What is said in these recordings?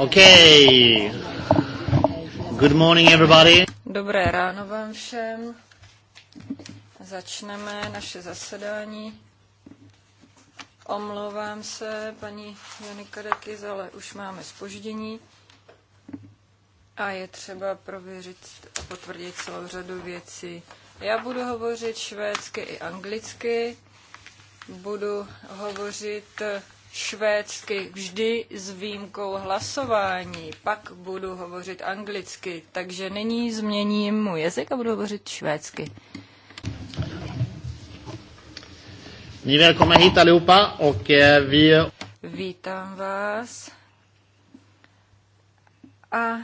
Okay. Good morning, everybody. Dobré ráno vám všem. Začneme naše zasedání. Omlouvám se, paní Janika Dekys, ale už máme spoždění a je třeba prověřit a potvrdit celou řadu věcí. Já budu hovořit švédsky i anglicky, budu hovořit švédsky vždy s výjimkou hlasování. Pak budu hovořit anglicky, takže nyní změním můj jazyk a budu hovořit švédsky. hit allihopa och vi... Vítám vás. A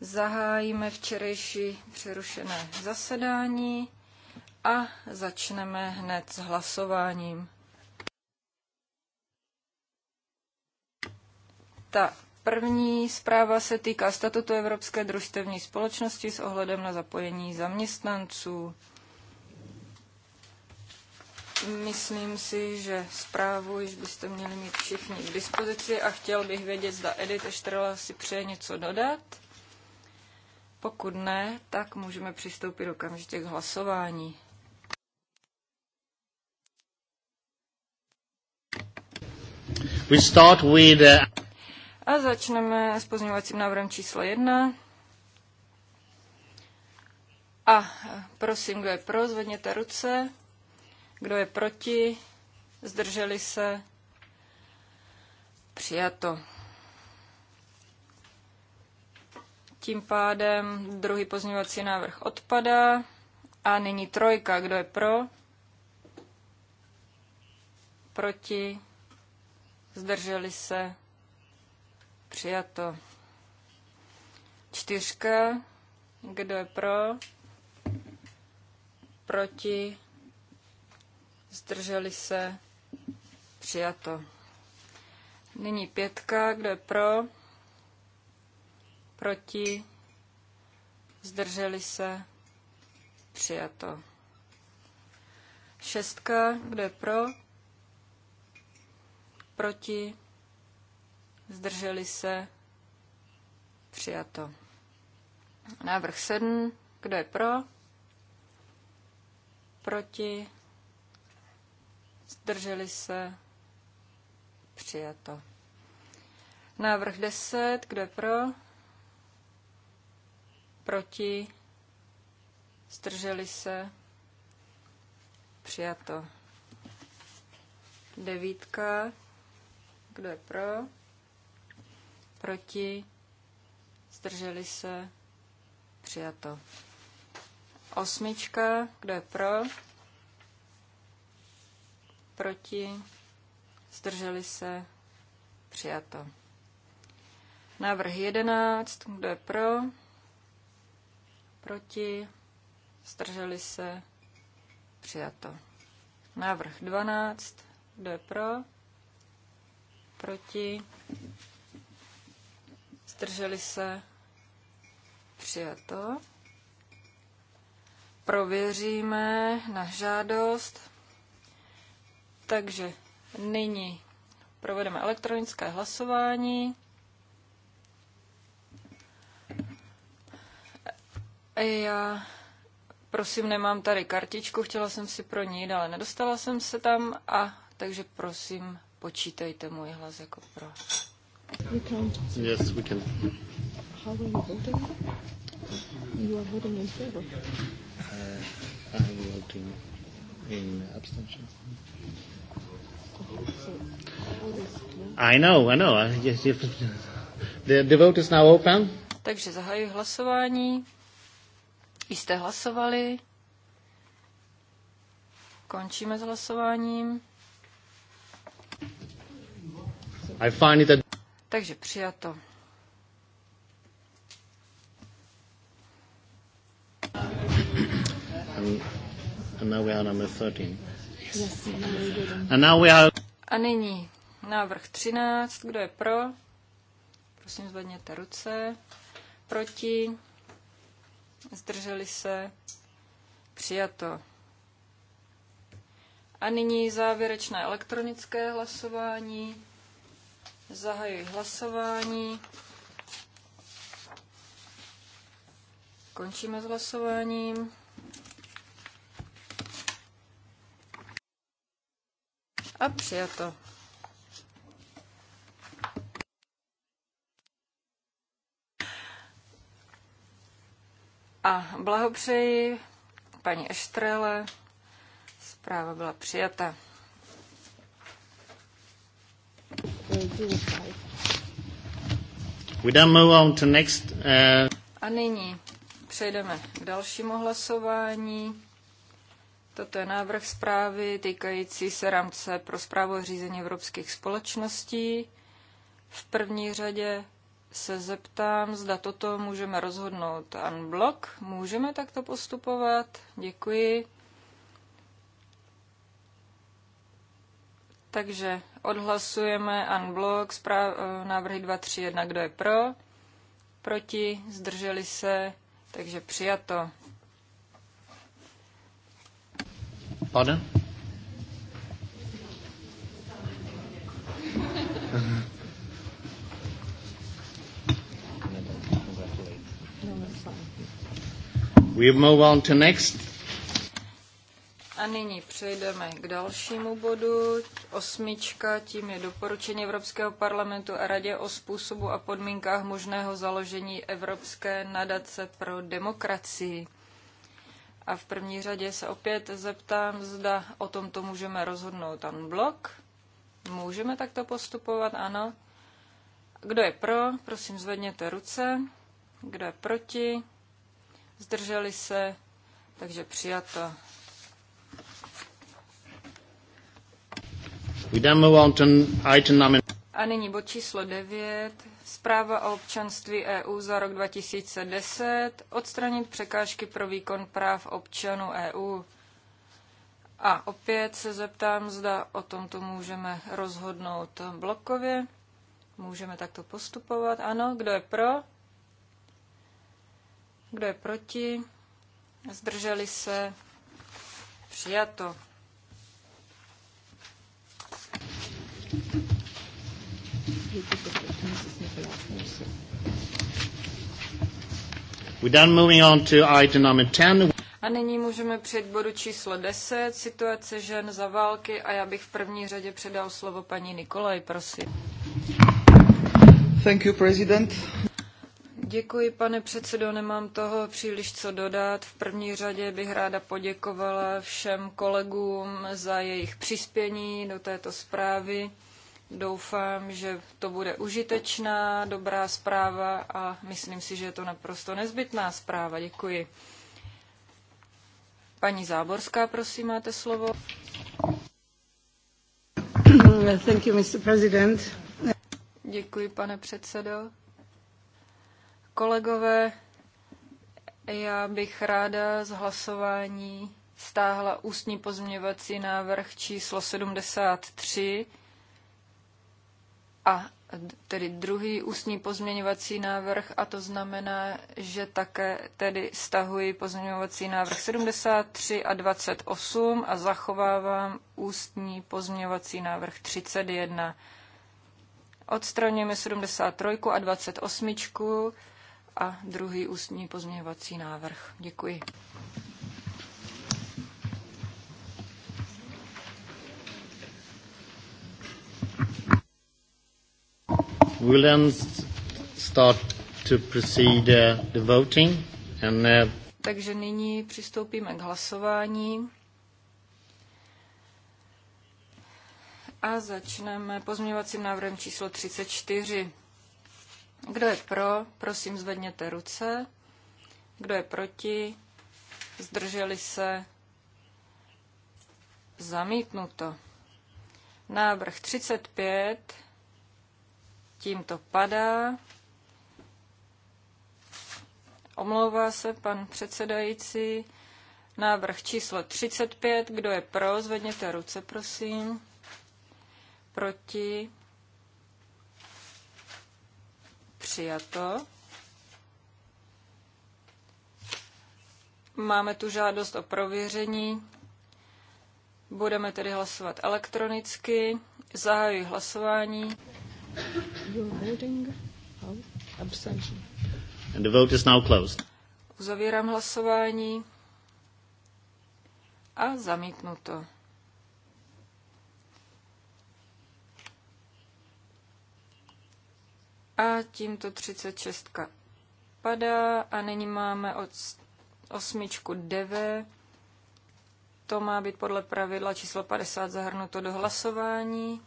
zahájíme včerejší přerušené zasedání a začneme hned s hlasováním. Ta první zpráva se týká statutu Evropské družstevní společnosti s ohledem na zapojení zaměstnanců. Myslím si, že zprávu již byste měli mít všichni k dispozici a chtěl bych vědět, zda Edith Eštrela si přeje něco dodat. Pokud ne, tak můžeme přistoupit okamžitě k hlasování. We start with, uh... A začneme s pozměňovacím návrhem číslo 1. A prosím, kdo je pro, zvedněte ruce. Kdo je proti, zdrželi se. Přijato. Tím pádem druhý pozměňovací návrh odpadá. A nyní trojka. Kdo je pro? Proti? Zdrželi se? Přijato. Čtyřka. Kdo je pro? Proti? Zdrželi se? Přijato. Nyní pětka. Kdo je pro? Proti? Zdrželi se? Přijato. Šestka. Kdo je pro? Proti? zdrželi se, přijato. Návrh 7, kdo je pro, proti, zdrželi se, přijato. Návrh 10, kdo je pro, proti, zdrželi se, přijato. Devítka, kdo je pro? proti, zdrželi se, přijato. Osmička, kdo je pro, proti, zdrželi se, přijato. Návrh jedenáct, kdo je pro, proti, zdrželi se, přijato. Návrh dvanáct, kdo je pro, proti, zdrželi se, přijato. Prověříme na žádost. Takže nyní provedeme elektronické hlasování. Já prosím, nemám tady kartičku, chtěla jsem si pro ní, ale nedostala jsem se tam a takže prosím, počítejte můj hlas jako pro. We can't. Yes, we can. How are you voting? You are voting in favor. Uh, I'm voting in abstention. I know, I know. yes, yes. The, vote is now open. Takže zahajuji hlasování. jste hlasovali. Končíme s hlasováním. I find it that takže přijato. A nyní návrh 13. Kdo je pro? Prosím, zvedněte ruce. Proti? Zdrželi se? Přijato. A nyní závěrečné elektronické hlasování. Zahajuji hlasování. Končíme s hlasováním. A přijato. A blahopřeji paní Eštrele. Zpráva byla přijata. We then move on to next, uh... A nyní přejdeme k dalšímu hlasování. Toto je návrh zprávy týkající se rámce pro zprávu řízení evropských společností. V první řadě se zeptám, zda toto můžeme rozhodnout unblock. Můžeme takto postupovat? Děkuji. Takže odhlasujeme unblock zpráv, eh, návrhy 2, 3, 1. Kdo je pro? Proti? Zdrželi se? Takže přijato. Pane? We move on to next a nyní přejdeme k dalšímu bodu. Osmička, tím je doporučení Evropského parlamentu a radě o způsobu a podmínkách možného založení Evropské nadace pro demokracii. A v první řadě se opět zeptám, zda o tomto můžeme rozhodnout ten blok. Můžeme takto postupovat, ano. Kdo je pro, prosím zvedněte ruce. Kdo je proti, zdrželi se, takže přijato. A nyní bod číslo 9. Zpráva o občanství EU za rok 2010. Odstranit překážky pro výkon práv občanů EU. A opět se zeptám, zda o tomto můžeme rozhodnout blokově. Můžeme takto postupovat. Ano, kdo je pro? Kdo je proti? Zdrželi se? Přijato. moving on to item number A nyní můžeme přijít bodu číslo 10, situace žen za války a já bych v první řadě předal slovo paní Nikolaj, prosím. Thank you, President. Děkuji, pane předsedo, nemám toho příliš co dodat. V první řadě bych ráda poděkovala všem kolegům za jejich přispění do této zprávy. Doufám, že to bude užitečná, dobrá zpráva a myslím si, že je to naprosto nezbytná zpráva. Děkuji. Paní Záborská, prosím, máte slovo. Thank you, Mr. President. Děkuji, pane předsedo. Kolegové, já bych ráda z hlasování stáhla ústní pozměňovací návrh číslo 73 a tedy druhý ústní pozměňovací návrh a to znamená, že také tedy stahuji pozměňovací návrh 73 a 28 a zachovávám ústní pozměňovací návrh 31. Odstraňujeme 73 a 28 a druhý ústní pozměňovací návrh. Děkuji. We'll then start to proceed uh, the voting and uh... takže nyní přistoupíme k hlasování. A začneme pozměňovacím návrhem číslo 34. Kdo je pro, prosím zvedněte ruce. Kdo je proti, zdrželi se, zamítnuto. Návrh 35 tím to padá. Omlouvá se pan předsedající. Návrh číslo 35. Kdo je pro, zvedněte ruce, prosím. Proti. Přijato. Máme tu žádost o prověření. Budeme tedy hlasovat elektronicky. Zahajuji hlasování. And the vote is now closed. Uzavírám hlasování a zamítnuto. A tímto 36 padá a nyní máme od osmičku 9. To má být podle pravidla číslo 50 zahrnuto do hlasování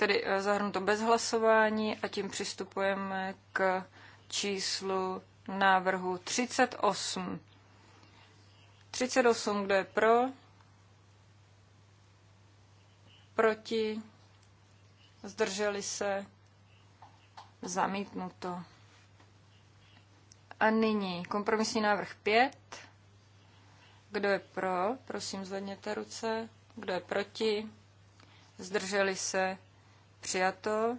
tedy eh, zahrnuto bez hlasování a tím přistupujeme k číslu návrhu 38. 38, kdo je pro? Proti? Zdrželi se? Zamítnuto. A nyní kompromisní návrh 5. Kdo je pro? Prosím, zvedněte ruce. Kdo je proti? Zdrželi se? Přijato.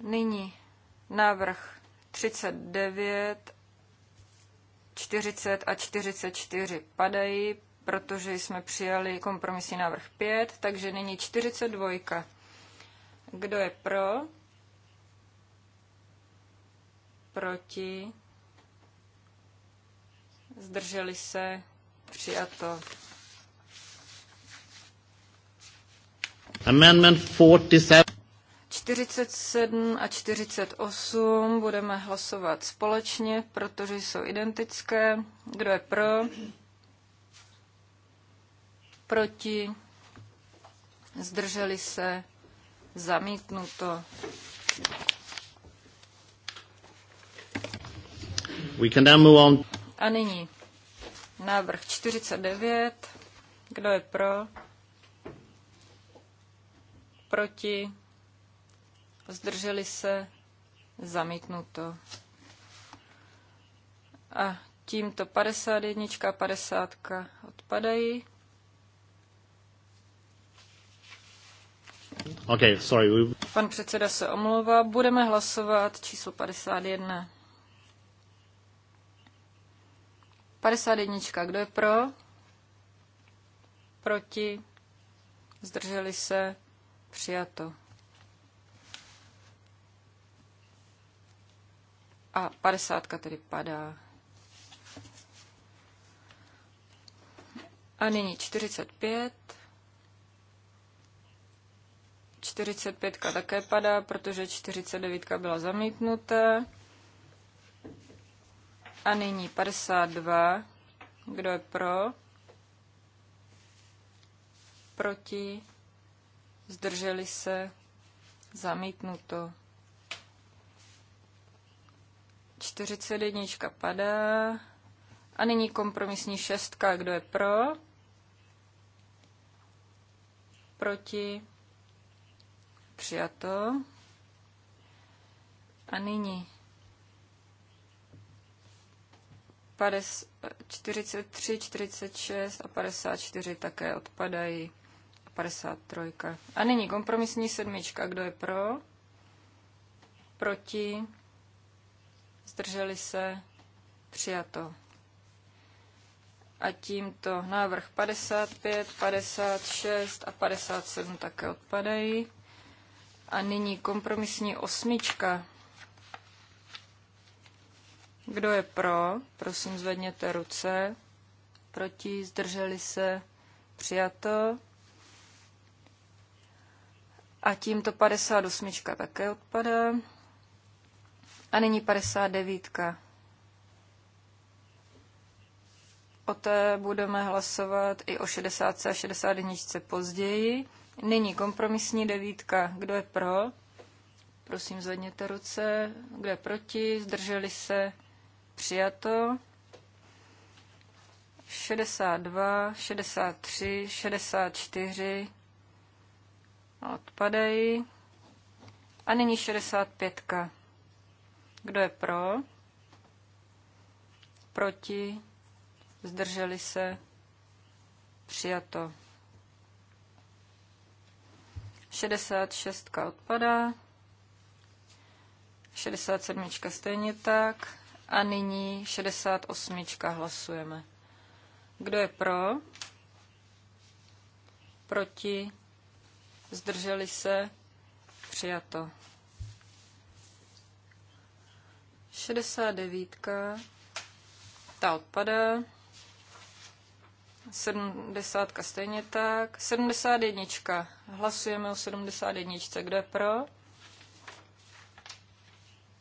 Nyní návrh 39, 40 a 44 padají, protože jsme přijali kompromisní návrh 5, takže nyní 42. Kdo je pro? Proti? Zdrželi se? Přijato. Amendment 47. 47 a 48 budeme hlasovat společně, protože jsou identické. Kdo je pro? Proti? Zdrželi se? Zamítnuto. We can then move on. A nyní návrh 49. Kdo je pro? proti, zdrželi se, zamítnuto. A tímto 51 a 50 odpadají. Okay, sorry. Pan předseda se omlouvá. Budeme hlasovat číslo 51. 51. Kdo je pro? Proti? Zdrželi se? Přijato. A padesátka tedy padá. A nyní 45. 45 také padá, protože 49 byla zamítnuté. A nyní 52. Kdo je pro? Proti? zdrželi se, zamítnuto. 41 padá. A nyní kompromisní šestka. Kdo je pro? Proti? Přijato. A nyní 43, 46 a 54 také odpadají. 53. A nyní kompromisní sedmička. Kdo je pro? Proti? Zdrželi se? Přijato. A tímto návrh 55, 56 a 57 také odpadají. A nyní kompromisní osmička. Kdo je pro? Prosím, zvedněte ruce. Proti? Zdrželi se? Přijato. A tímto 58 také odpadá. A nyní 59. O té budeme hlasovat i o 60 a 61 později. Nyní kompromisní devítka. Kdo je pro? Prosím, zvedněte ruce. Kdo je proti? Zdrželi se? Přijato. 62, 63, 64, Odpadají. A nyní 65. Kdo je pro? Proti? Zdrželi se? Přijato. 66 odpadá. 67 stejně tak. A nyní 68 hlasujeme. Kdo je pro? Proti? zdrželi se, přijato. 69, ta odpadá. 70 stejně tak. 71. Hlasujeme o 71. Kdo je pro?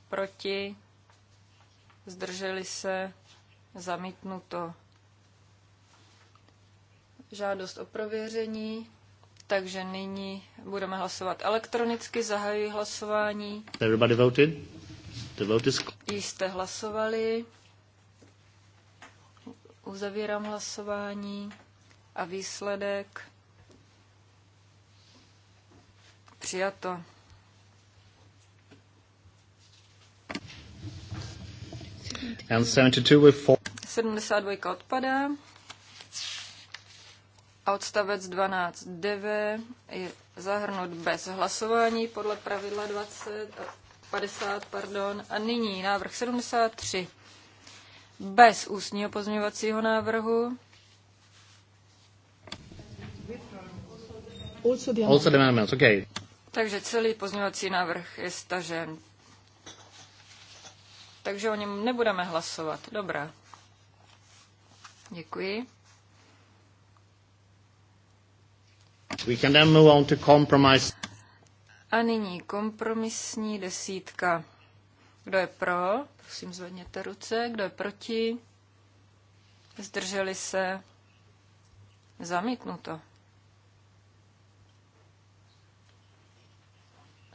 Proti? Zdrželi se? Zamítnuto. Žádost o prověření. Takže nyní budeme hlasovat elektronicky, zahajuji hlasování. Everybody voted? The vote is... Jste hlasovali. Uzavírám hlasování a výsledek přijato. And 72 with 4. 72 odpadá a odstavec 12.9 je zahrnut bez hlasování podle pravidla 20, 50. Pardon. A nyní návrh 73 bez ústního pozměňovacího návrhu. Also the amendments, okay. Takže celý pozměňovací návrh je stažen. Takže o něm nebudeme hlasovat. Dobrá. Děkuji. We can then move on to compromise. A nyní kompromisní desítka. Kdo je pro? Prosím, zvedněte ruce. Kdo je proti? Zdrželi se? Zamítnuto.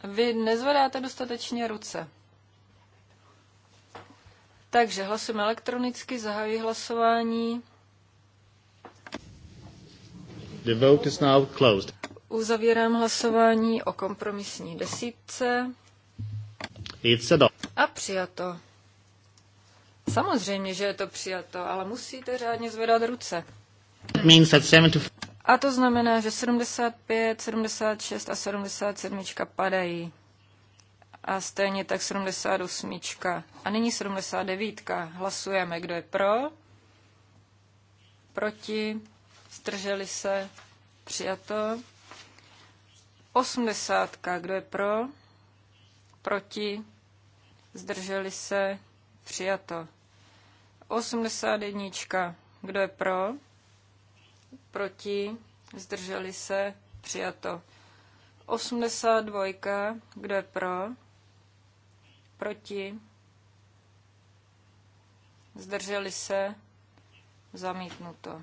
Vy nezvedáte dostatečně ruce. Takže hlasujeme elektronicky, zahajuji hlasování. The vote is now closed. Uzavírám hlasování o kompromisní desítce. It's a A přijato. Samozřejmě, že je to přijato, ale musíte řádně zvedat ruce. Means that 75... A to znamená, že 75, 76 a 77 padají. A stejně tak 78. A nyní 79. Hlasujeme, kdo je pro, proti, zdrželi se, přijato. Osmdesátka, kdo je pro, proti, zdrželi se, přijato. Osmdesát jednička, kdo je pro, proti, zdrželi se, přijato. 82, kdo je pro, proti, zdrželi se, zamítnuto.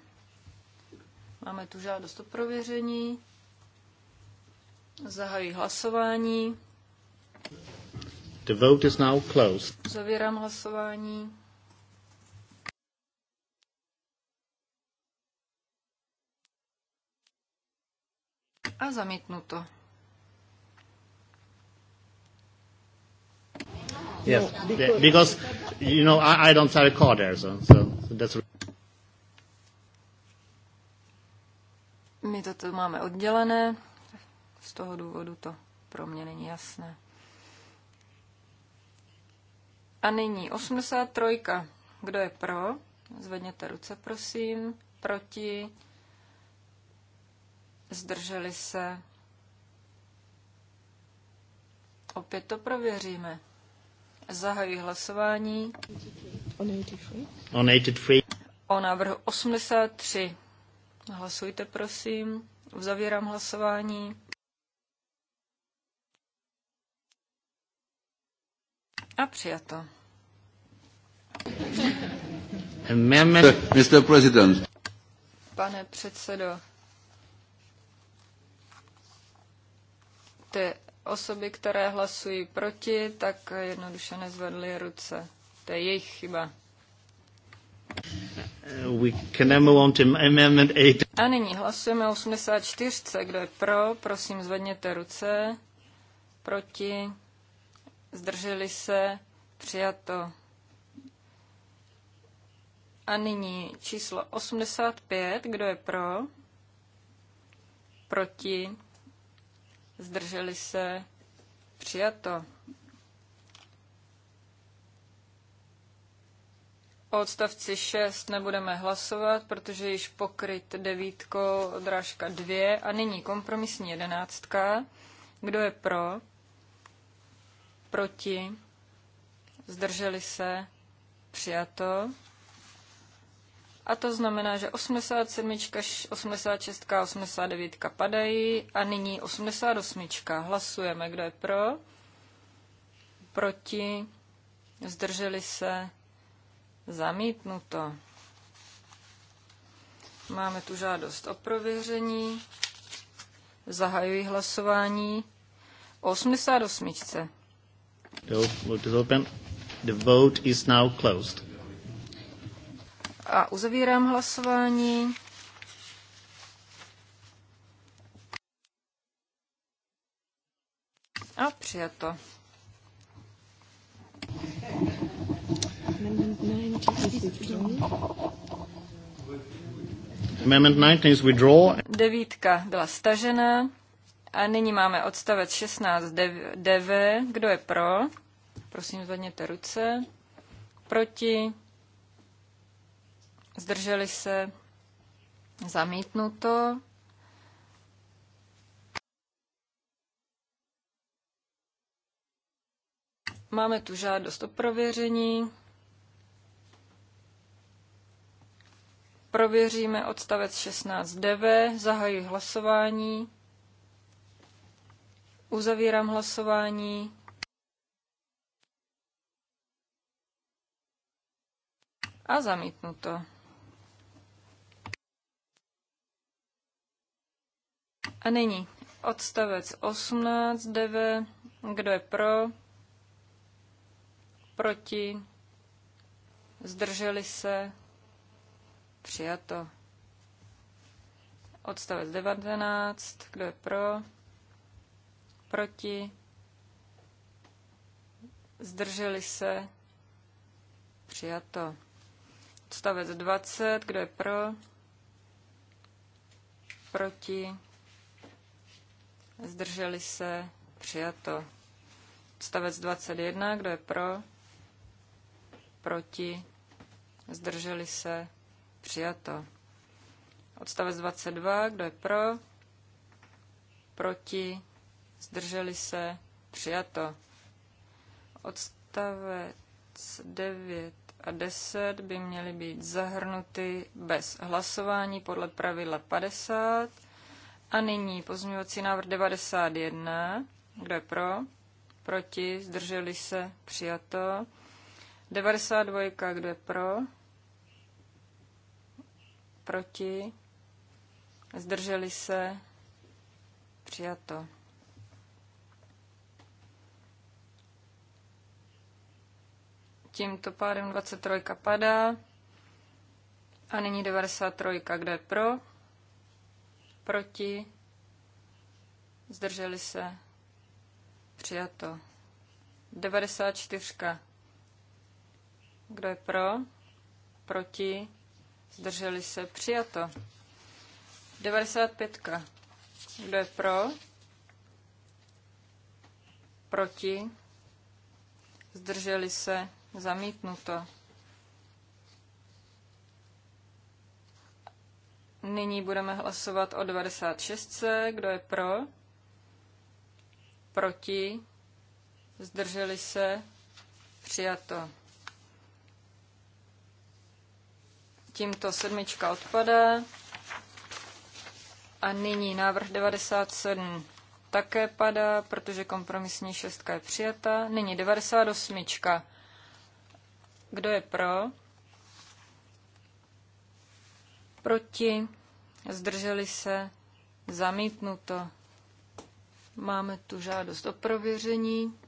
Máme tu žádost o prověření. Zahají hlasování. The vote is now closed. Zavírám hlasování. A zamítnuto. Yes, because you know I, I don't have a car there, so, so that's. My tu máme oddělené, z toho důvodu to pro mě není jasné. A nyní 83. Kdo je pro? Zvedněte ruce, prosím. Proti? Zdrželi se? Opět to prověříme. Zahajuji hlasování. On 83. O návrhu 83. Hlasujte, prosím. Uzavírám hlasování. A přijato. Mr. President. Pane předsedo, ty osoby, které hlasují proti, tak jednoduše nezvedly ruce. To je jejich chyba. Uh, A nyní hlasujeme o 84. Kdo je pro, prosím zvedněte ruce. Proti, zdrželi se, přijato. A nyní číslo 85. Kdo je pro? Proti, zdrželi se, přijato. O odstavci 6 nebudeme hlasovat, protože již pokryt devítko drážka 2 a nyní kompromisní jedenáctka. Kdo je pro? Proti? Zdrželi se? Přijato. A to znamená, že 87, 86, a 89 padají a nyní 88. Hlasujeme, kdo je pro, proti, zdrželi se, Zamítnuto. Máme tu žádost o prověření. Zahajuji hlasování. 88. The vote is open. The vote is now closed. A uzavírám hlasování. A přijato. Amendment 19 is withdrawn. Devítka byla stažena. A nyní máme odstavec 16 DV. Kdo je pro? Prosím, zvedněte ruce. Proti? Zdrželi se? Zamítnuto. Máme tu žádost o prověření. Prověříme odstavec 16DV, zahajuji hlasování, uzavírám hlasování. A zamítnuto. A nyní odstavec 18 DV. Kdo je pro? Proti? Zdrželi se? Přijato. Odstavec 19. Kdo je pro? Proti? Zdrželi se? Přijato. Odstavec 20. Kdo je pro? Proti? Zdrželi se? Přijato. Odstavec 21. Kdo je pro? Proti? Zdrželi se? Přijato. Odstavec 22. Kdo je pro? Proti? Zdrželi se? Přijato. Odstavec 9 a 10 by měly být zahrnuty bez hlasování podle pravidla 50. A nyní pozměňovací návrh 91. Kdo je pro? Proti? Zdrželi se? Přijato. 92. Kdo je pro? proti, zdrželi se, přijato. Tímto pádem 23 padá. A nyní 93, kde pro, proti, zdrželi se, přijato. 94, kdo je pro, proti, Zdrželi se. Přijato. 95. Kdo je pro? Proti? Zdrželi se. Zamítnuto. Nyní budeme hlasovat o 96. Kdo je pro? Proti? Zdrželi se? Přijato. Tímto sedmička odpadá. A nyní návrh 97 také padá, protože kompromisní šestka je přijata. Nyní 98. Kdo je pro? Proti? Zdrželi se? Zamítnuto. Máme tu žádost o prověření.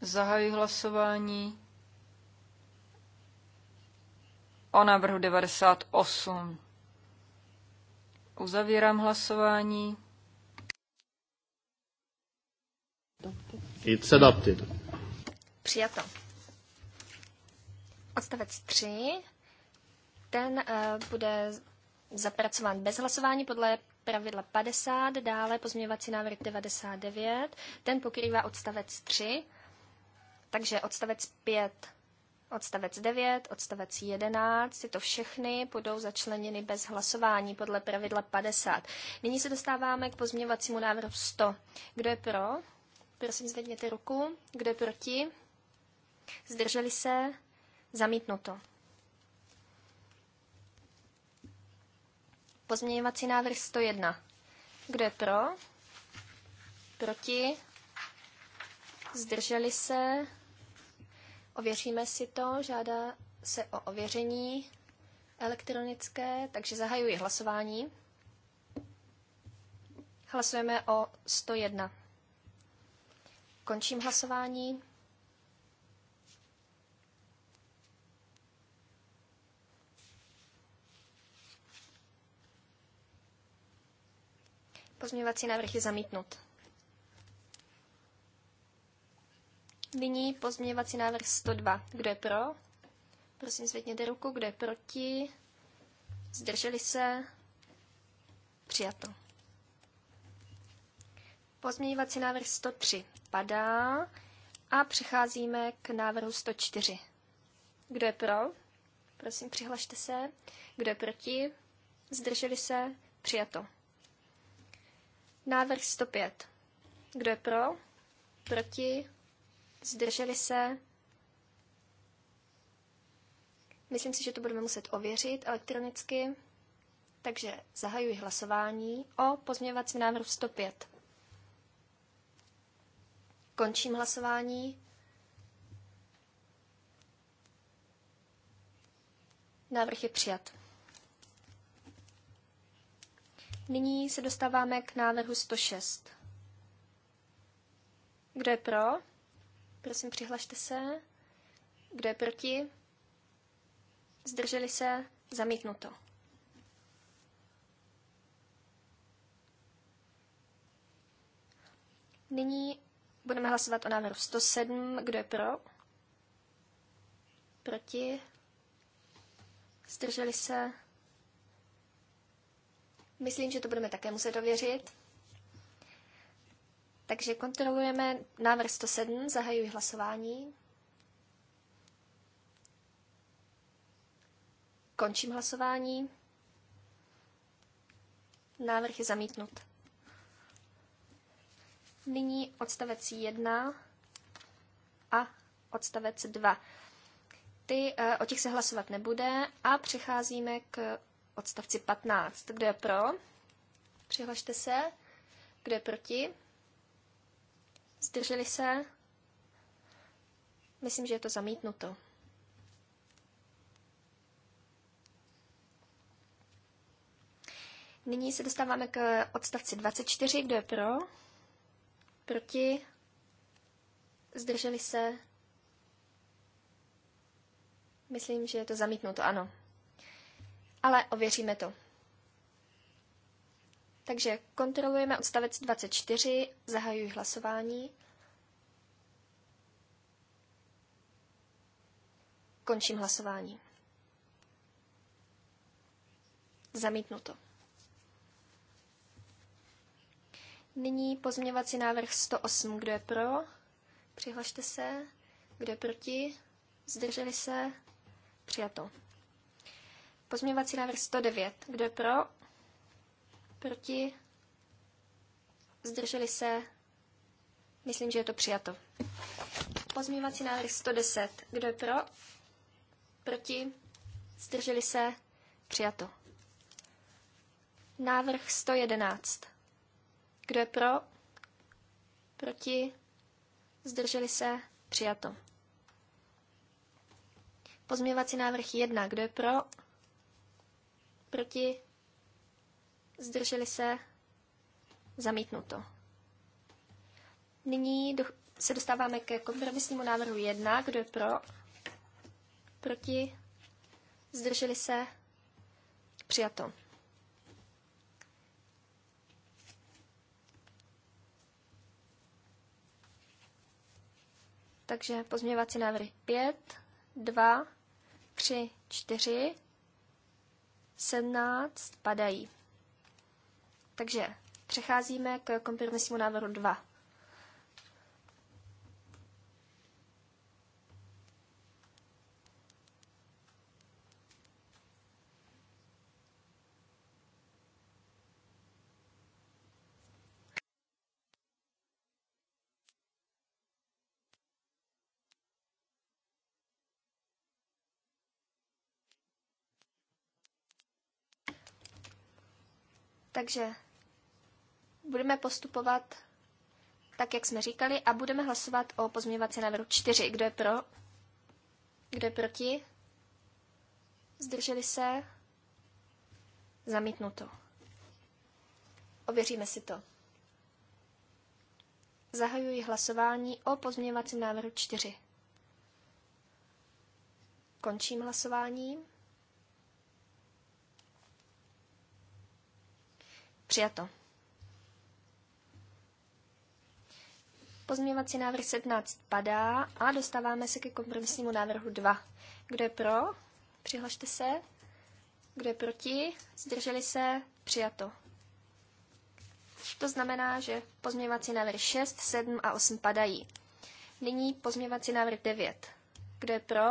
Zahajuji hlasování. o návrhu 98. Uzavírám hlasování. It's adopted. Přijato. Odstavec 3. Ten uh, bude zapracován bez hlasování podle pravidla 50, dále pozměňovací návrh 99, ten pokrývá odstavec 3, takže odstavec 5 odstavec 9, odstavec 11, tyto všechny budou začleněny bez hlasování podle pravidla 50. Nyní se dostáváme k pozměňovacímu návrhu 100. Kdo je pro? Prosím, zvedněte ruku. Kdo je proti? Zdrželi se? Zamítnuto. Pozměňovací návrh 101. Kdo je pro? Proti? Zdrželi se? Ověříme si to, žádá se o ověření elektronické, takže zahajuji hlasování. Hlasujeme o 101. Končím hlasování. Pozměňovací návrh je zamítnut. Nyní pozměňovací návrh 102. Kdo je pro? Prosím, zvedněte ruku. Kdo je proti? Zdrželi se? Přijato. Pozměňovací návrh 103 padá a přecházíme k návrhu 104. Kdo je pro? Prosím, přihlašte se. Kdo je proti? Zdrželi se? Přijato. Návrh 105. Kdo je pro? Proti? zdrželi se. Myslím si, že to budeme muset ověřit elektronicky. Takže zahajuji hlasování o pozměňovacím návrhu 105. Končím hlasování. Návrh je přijat. Nyní se dostáváme k návrhu 106. Kdo je pro? Prosím, přihlašte se. Kdo je proti? Zdrželi se? Zamítnuto. Nyní budeme hlasovat o návrhu 107. Kdo je pro? Proti? Zdrželi se? Myslím, že to budeme také muset ověřit. Takže kontrolujeme návrh 107, zahajuji hlasování. Končím hlasování. Návrh je zamítnut. Nyní odstavec 1 a odstavec 2. Ty, eh, o těch se hlasovat nebude a přecházíme k odstavci 15. Kdo je pro? Přihlašte se. Kdo je proti? Zdrželi se? Myslím, že je to zamítnuto. Nyní se dostáváme k odstavci 24. Kdo je pro? Proti? Zdrželi se? Myslím, že je to zamítnuto, ano. Ale ověříme to. Takže kontrolujeme odstavec 24, zahajuji hlasování. Končím hlasování. Zamítnuto. Nyní pozměňovací návrh 108. Kdo je pro? Přihlašte se. Kdo je proti? Zdrželi se? Přijato. Pozměňovací návrh 109. Kdo je pro? Proti? Zdrželi se? Myslím, že je to přijato. Pozměvací návrh 110. Kdo je pro? Proti? Zdrželi se? Přijato. Návrh 111. Kdo je pro? Proti? Zdrželi se? Přijato. Pozměvací návrh 1. Kdo je pro? Proti? zdrželi se, zamítnuto. Nyní do, se dostáváme ke kompromisnímu návrhu 1. Kdo je pro? Proti? Zdrželi se? Přijato. Takže pozměňovací návrhy 5, 2, 3, 4, 17 padají. Takže přecházíme k kompromisnímu návrhu 2. Takže budeme postupovat tak, jak jsme říkali, a budeme hlasovat o pozměňovací návrhu 4. Kdo je pro? Kdo je proti? Zdrželi se? Zamítnuto. Ověříme si to. Zahajuji hlasování o pozměňovacím návrhu 4. Končím hlasováním. Přijato. Pozměňovací návrh 17 padá a dostáváme se ke kompromisnímu návrhu 2. Kdo je pro? Přihlašte se. Kdo je proti? Zdrželi se? Přijato. To znamená, že pozměňovací návrh 6, 7 a 8 padají. Nyní pozměňovací návrh 9. Kdo je pro?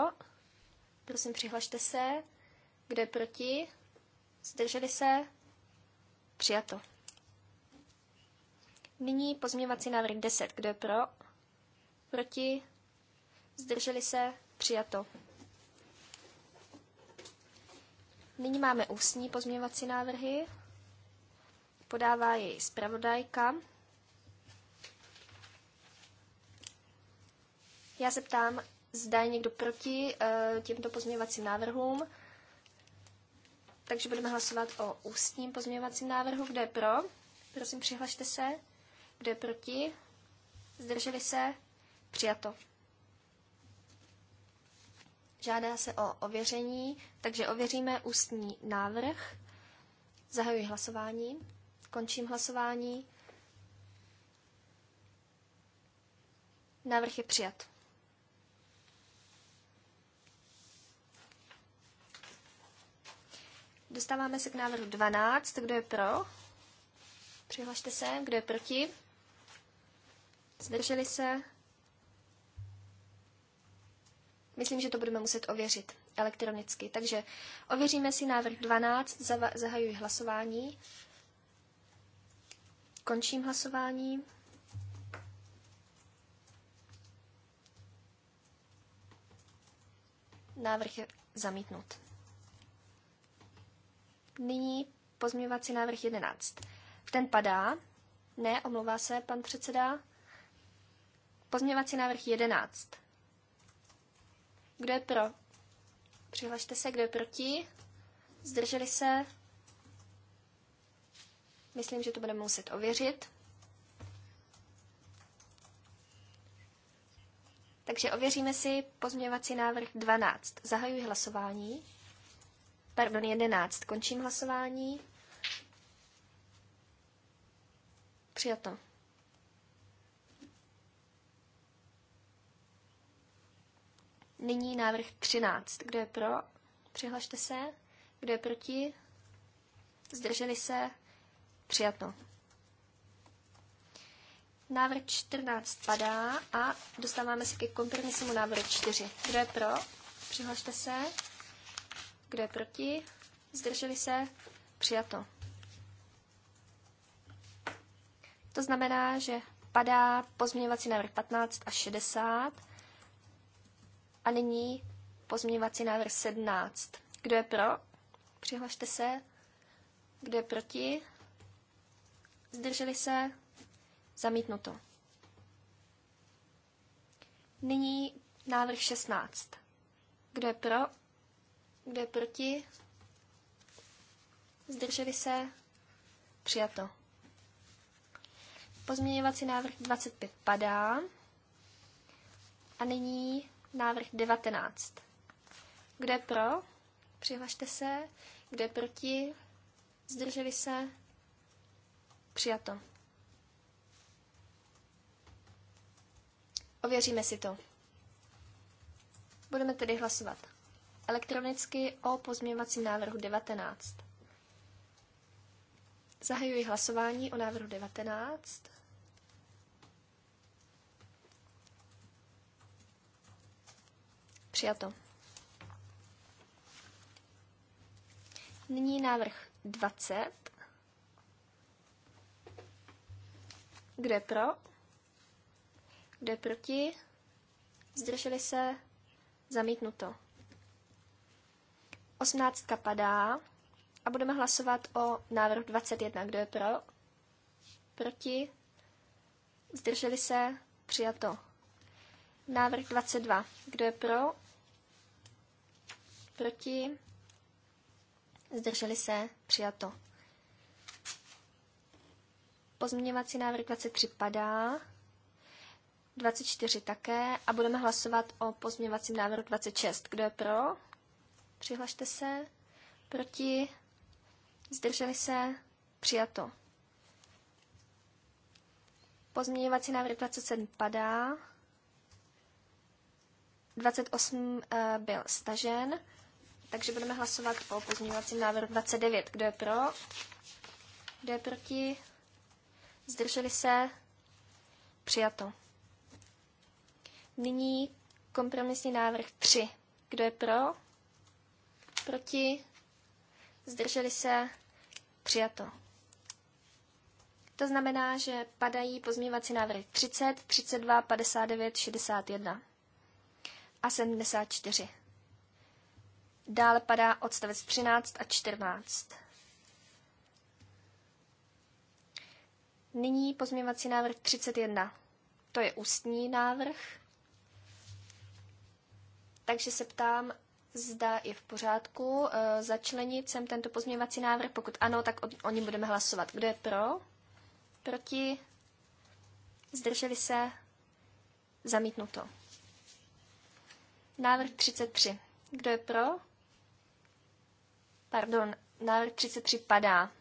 Prosím, přihlašte se. Kdo je proti? Zdrželi se? Přijato. Nyní pozměňovací návrh 10. Kdo je pro? Proti? Zdrželi se? Přijato. Nyní máme ústní pozměňovací návrhy. Podává je zpravodajka. Já se ptám, zda je někdo proti e, těmto pozměňovacím návrhům. Takže budeme hlasovat o ústním pozměňovacím návrhu. Kdo je pro? Prosím, přihlašte se. Kdo je proti? Zdrželi se? Přijato. Žádá se o ověření, takže ověříme ústní návrh. Zahajuji hlasování. Končím hlasování. Návrh je přijat. Dostáváme se k návrhu 12. Kdo je pro? Přihlašte se. Kdo je proti? Zdrželi se? Myslím, že to budeme muset ověřit elektronicky. Takže ověříme si návrh 12, zahajuji hlasování. Končím hlasování. Návrh je zamítnut. Nyní pozměňovací návrh 11. Ten padá. Ne, omlouvá se pan předseda. Pozměňovací návrh 11. Kdo je pro? Přihlašte se, kdo je proti? Zdrželi se? Myslím, že to budeme muset ověřit. Takže ověříme si pozměňovací návrh 12. Zahajuji hlasování. Pardon, 11. Končím hlasování. Přijato. Nyní návrh 13. Kdo je pro? Přihlašte se. Kdo je proti? Zdrželi se? Přijato. Návrh 14 padá a dostáváme se ke kompromisnímu návrhu 4. Kdo je pro? Přihlašte se. Kdo je proti? Zdrželi se? Přijato. To znamená, že padá pozměňovací návrh 15 a 60 a nyní pozměňovací návrh 17. Kdo je pro? Přihlašte se. Kdo je proti? Zdrželi se? Zamítnuto. Nyní návrh 16. Kdo je pro? Kdo je proti? Zdrželi se? Přijato. Pozměňovací návrh 25 padá. A nyní návrh 19. Kdo je pro? Přihlašte se. Kdo je proti? Zdrželi se? Přijato. Ověříme si to. Budeme tedy hlasovat elektronicky o pozměňovacím návrhu 19. Zahajuji hlasování o návrhu 19. Přijato. Nyní návrh 20. Kdo je pro? Kdo je proti? Zdrželi se? Zamítnuto. 18 padá a budeme hlasovat o návrhu 21. Kdo je pro? Proti? Zdrželi se? Přijato. Návrh 22. Kdo je pro? Proti? Zdrželi se? Přijato. Pozměňovací návrh 23 padá. 24 také a budeme hlasovat o pozměňovacím návrhu 26. Kdo je pro? Přihlašte se. Proti. Zdrželi se. Přijato. Pozměňovací návrh 27 padá. 28 eh, byl stažen, takže budeme hlasovat o pozměňovacím návrhu 29. Kdo je pro? Kdo je proti? Zdrželi se? Přijato. Nyní kompromisní návrh 3. Kdo je pro? proti, zdrželi se, přijato. To znamená, že padají pozměňovací návrhy 30, 32, 59, 61 a 74. Dále padá odstavec 13 a 14. Nyní pozměňovací návrh 31. To je ústní návrh. Takže se ptám, zda je v pořádku eh, začlenit sem tento pozměňovací návrh. Pokud ano, tak o něm budeme hlasovat. Kdo je pro? Proti? Zdrželi se? Zamítnuto. Návrh 33. Kdo je pro? Pardon, návrh 33 padá.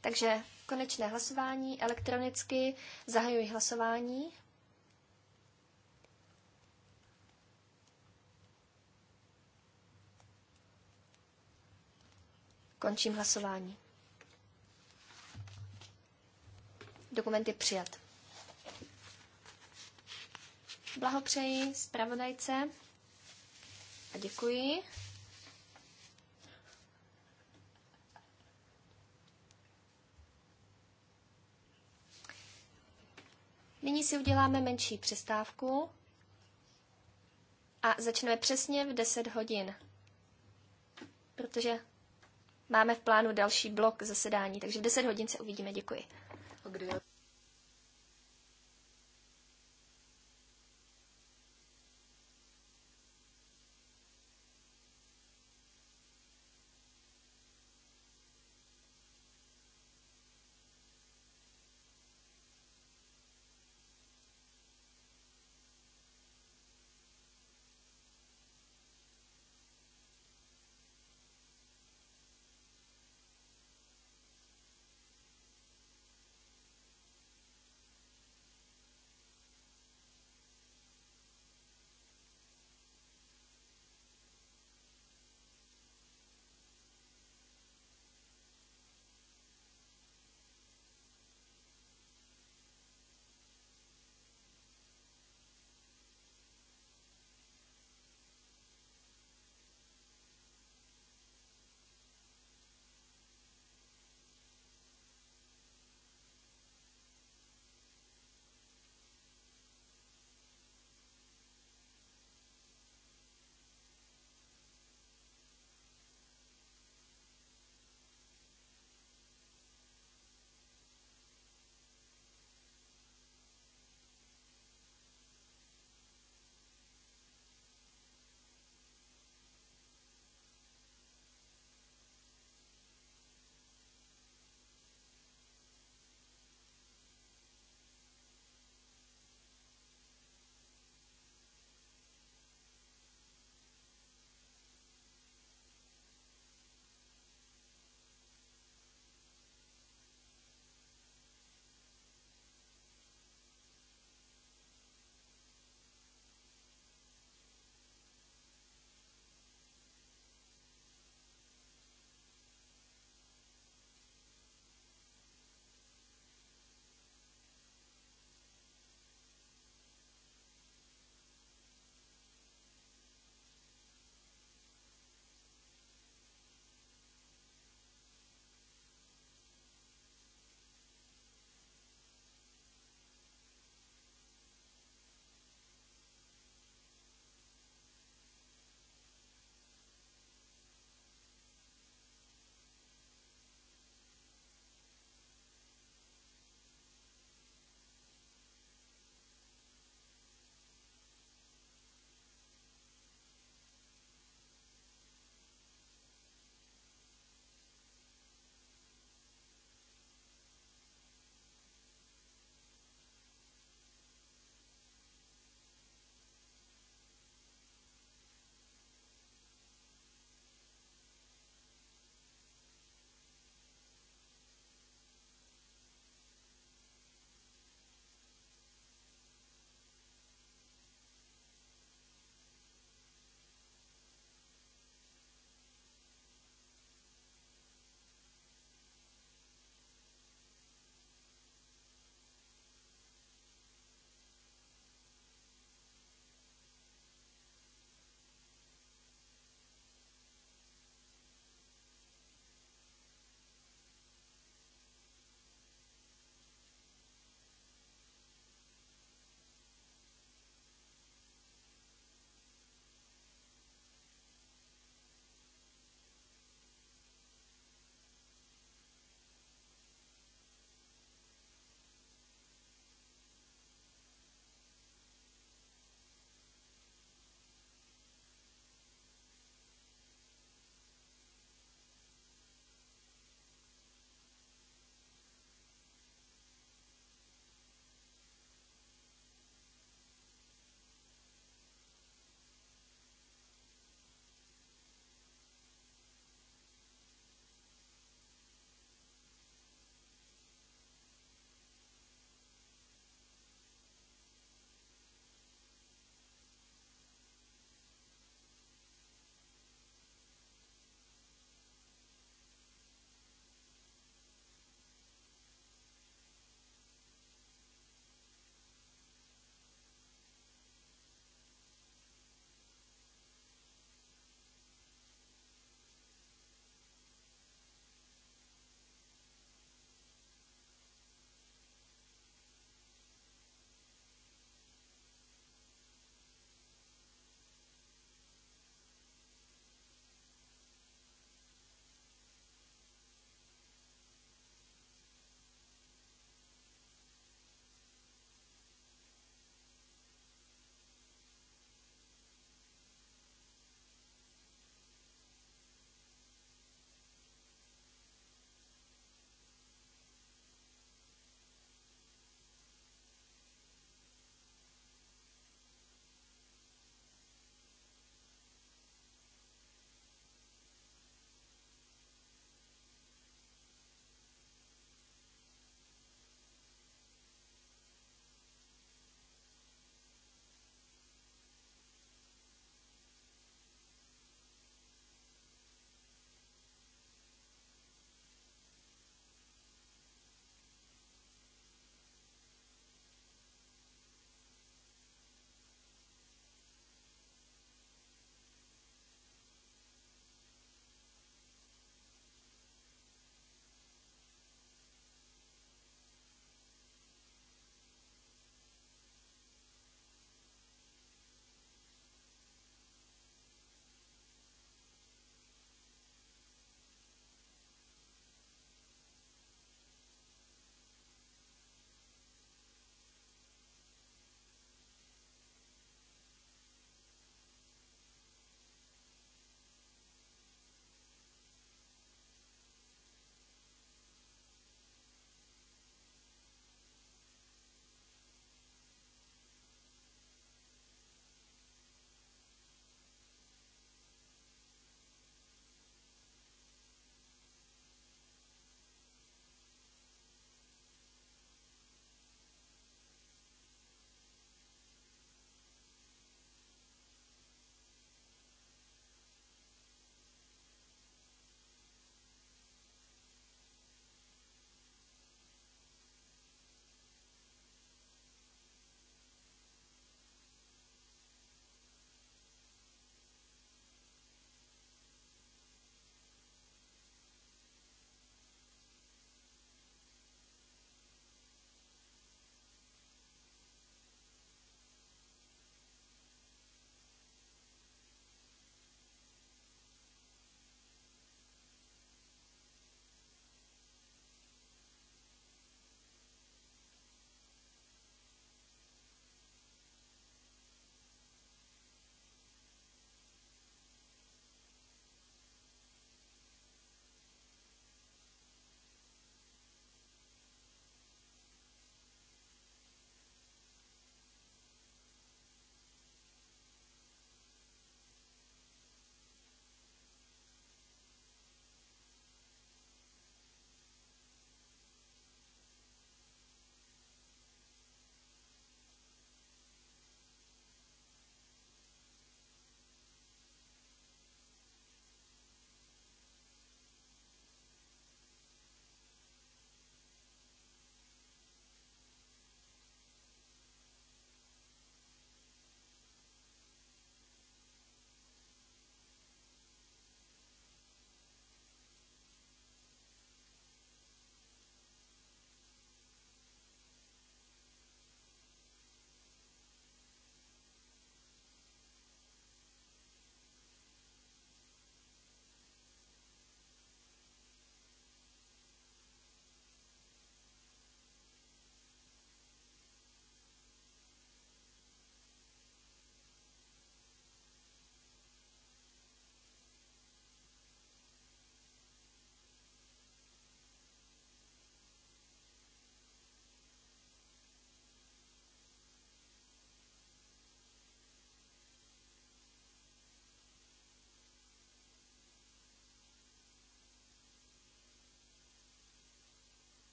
Takže konečné hlasování elektronicky. Zahajuji hlasování. Končím hlasování. Dokument je přijat. Blahopřeji zpravodajce a děkuji. Nyní si uděláme menší přestávku a začneme přesně v 10 hodin, protože Máme v plánu další blok zasedání, takže v 10 hodin se uvidíme. Děkuji.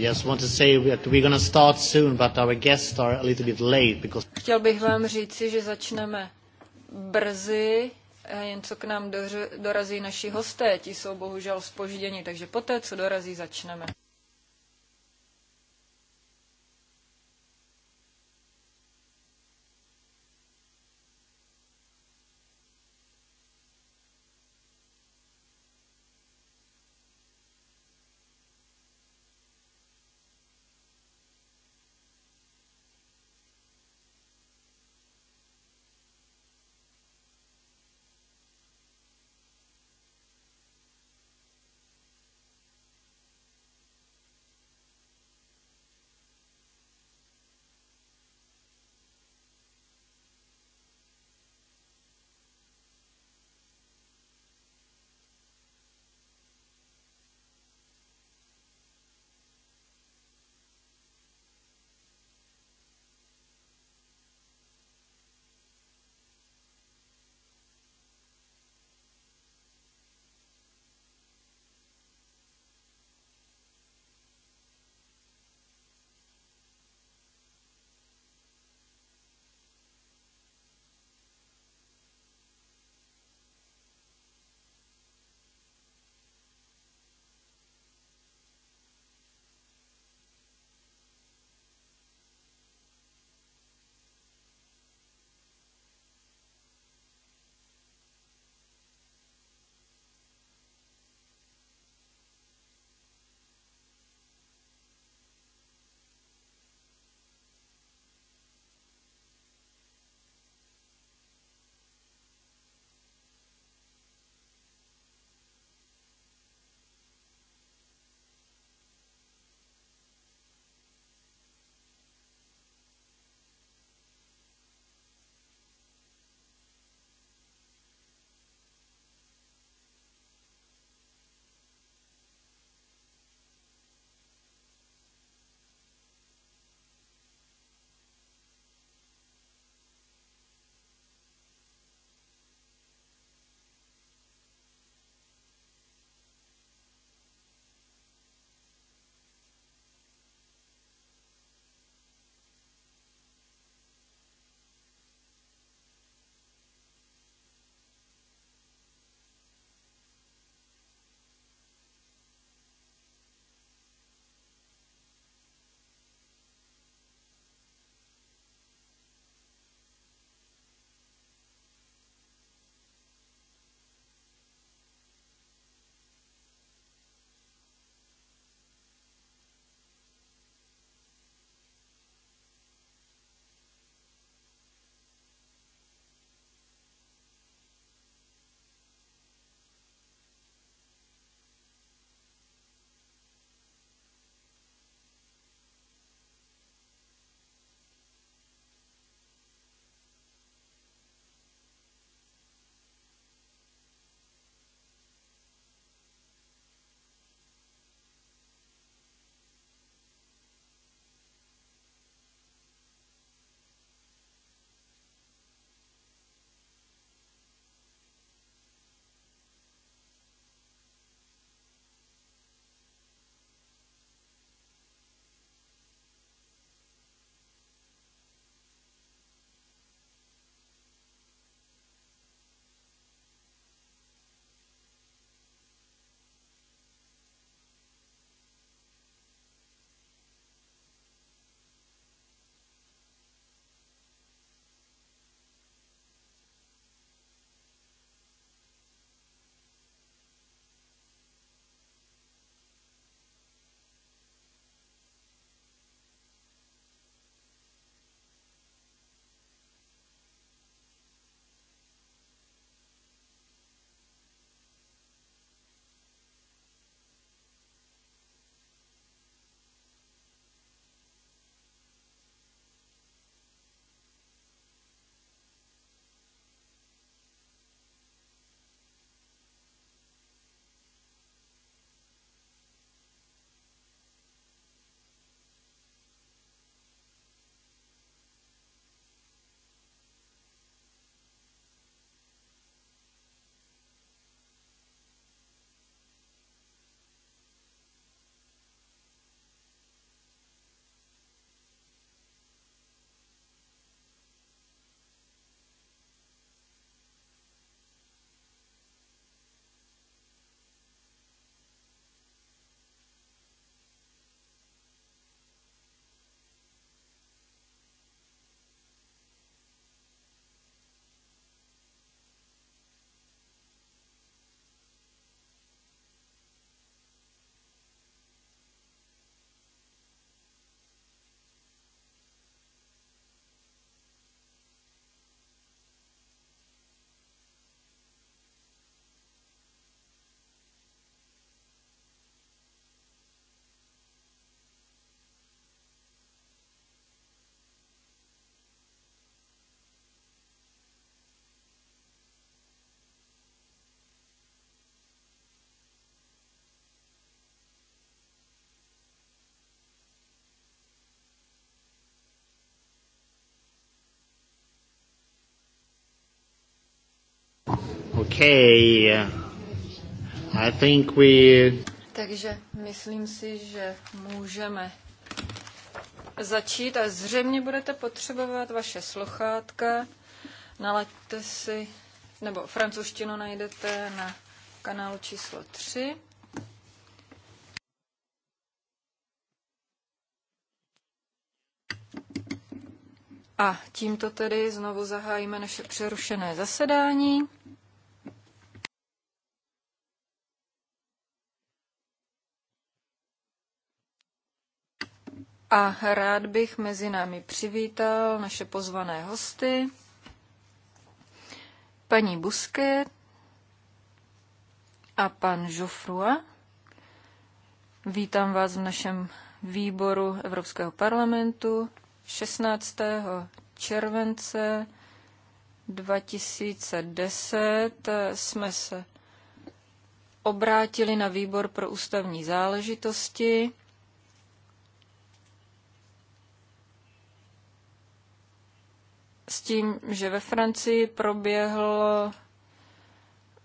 Yes, want to say that we're start soon, but our guests are a little bit late because... Chtěl bych vám říci, že začneme brzy, jen co k nám dorazí naši hosté, ti jsou bohužel spožděni, takže poté, co dorazí, začneme. Okay. Uh, I think we... Takže myslím si, že můžeme začít a zřejmě budete potřebovat vaše sluchátka. Nalaďte si, nebo francouzštinu najdete na kanálu číslo 3. A tímto tedy znovu zahájíme naše přerušené zasedání. a rád bych mezi námi přivítal naše pozvané hosty. Paní Buske a pan Joffrua. Vítám vás v našem výboru Evropského parlamentu 16. července 2010 jsme se obrátili na výbor pro ústavní záležitosti s tím, že ve Francii proběhl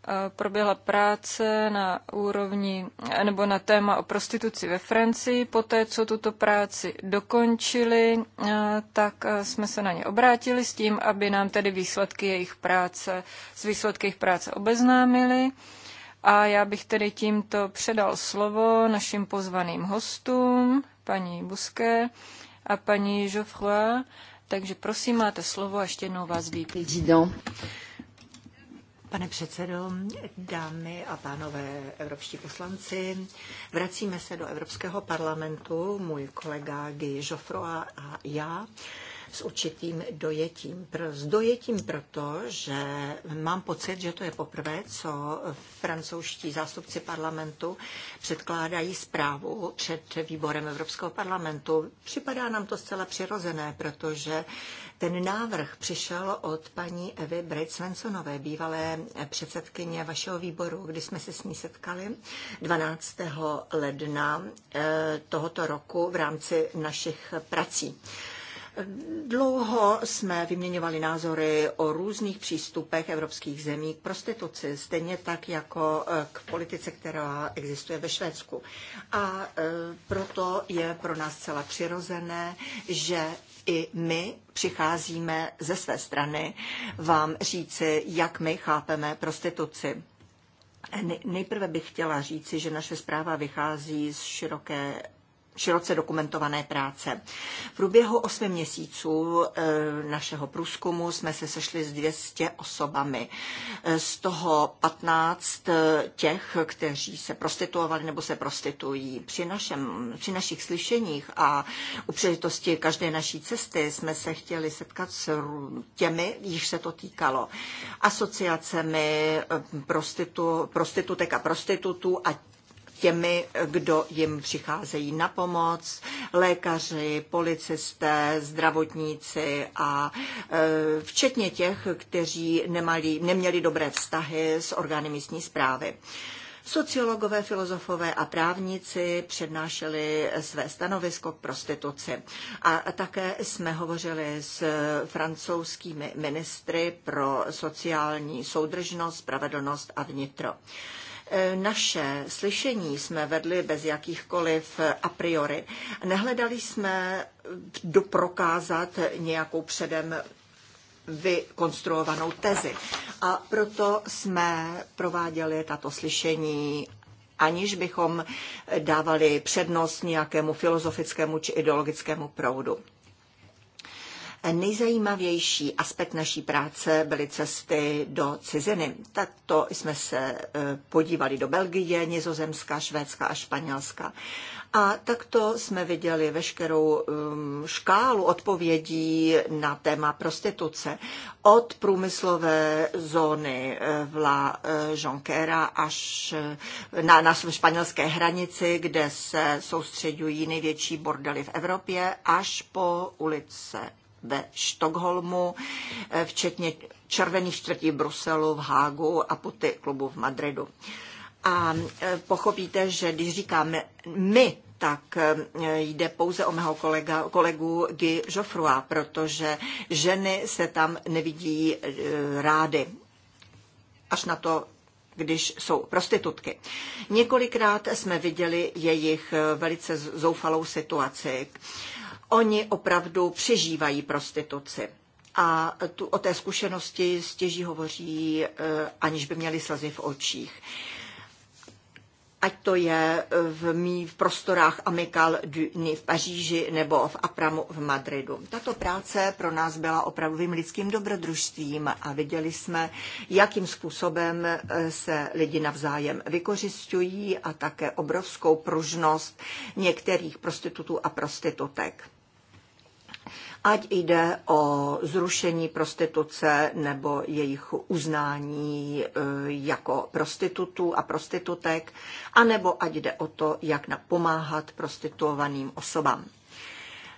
eh, proběhla práce na úrovni nebo na téma o prostituci ve Francii. Poté, co tuto práci dokončili, eh, tak eh, jsme se na ně obrátili s tím, aby nám tedy výsledky jejich práce, z výsledky jejich práce obeznámili. A já bych tedy tímto předal slovo našim pozvaným hostům, paní Buské a paní Geoffroy, takže prosím, máte slovo a ještě jednou vás vítám. Pane předsedo, dámy a pánové evropští poslanci, vracíme se do Evropského parlamentu. Můj kolega Guy Joffroa a já s určitým dojetím. Pro, s dojetím proto, že mám pocit, že to je poprvé, co francouzští zástupci parlamentu předkládají zprávu před výborem Evropského parlamentu. Připadá nám to zcela přirozené, protože ten návrh přišel od paní Evy Brejt Svensonové, bývalé předsedkyně vašeho výboru, kdy jsme se s ní setkali 12. ledna eh, tohoto roku v rámci našich prací. Dlouho jsme vyměňovali názory o různých přístupech evropských zemí k prostituci, stejně tak jako eh, k politice, která existuje ve Švédsku. A eh, proto je pro nás celá přirozené, že i my přicházíme ze své strany vám říci, jak my chápeme prostituci. Nejprve bych chtěla říci, že naše zpráva vychází z široké široce dokumentované práce. V průběhu osmi měsíců eh, našeho průzkumu jsme se sešli s 200 osobami. Eh, z toho 15 eh, těch, kteří se prostituovali nebo se prostitují. Při, našem, při našich slyšeních a u příležitosti každé naší cesty jsme se chtěli setkat s těmi, již se to týkalo. Asociacemi prostitu, prostitutek a prostitutů a těmi, kdo jim přicházejí na pomoc, lékaři, policisté, zdravotníci a e, včetně těch, kteří nemali, neměli dobré vztahy s orgány místní zprávy. Sociologové, filozofové a právníci přednášeli své stanovisko k prostituci. A také jsme hovořili s francouzskými ministry pro sociální soudržnost, spravedlnost a vnitro. Eh, naše slyšení jsme vedli bez jakýchkoliv eh, a priori. Nehledali jsme doprokázat nějakou předem vykonstruovanou tezi. A proto jsme prováděli tato slyšení aniž bychom dávali přednost nějakému filozofickému či ideologickému proudu nejzajímavější aspekt naší práce byly cesty do ciziny. Tak to jsme se e, podívali do Belgie, Nizozemska, Švédska a Španělska. A takto jsme viděli veškerou um, škálu odpovědí na téma prostituce. Od průmyslové zóny e, Vla e, Jonquera až na, na španělské hranici, kde se soustředují největší bordely v Evropě, až po ulice ve Štokholmu, eh, včetně červených čtvrtí v Bruselu, v Hágu a poté klubu v Madridu. A eh, pochopíte, že když říkáme my, tak eh, jde pouze o mého kolega, kolegu Guy Joffrua, protože ženy se tam nevidí rády. Až na to, když jsou prostitutky. Několikrát jsme viděli jejich velice zoufalou situaci. Oni opravdu přežívají prostituci. A tu, o té zkušenosti stěží hovoří, eh, aniž by měli slzy v očích ať to je eh, v, mý, v prostorách Amical Duny v Paříži nebo v Apramu v Madridu. Tato práce pro nás byla opravdovým lidským dobrodružstvím a viděli jsme, jakým způsobem eh, se lidi navzájem vykořišťují a také obrovskou pružnost některých prostitutů a prostitutek ať jde o zrušení prostituce nebo jejich uznání e, jako prostitutů a prostitutek, anebo ať jde o to, jak napomáhat prostituovaným osobám.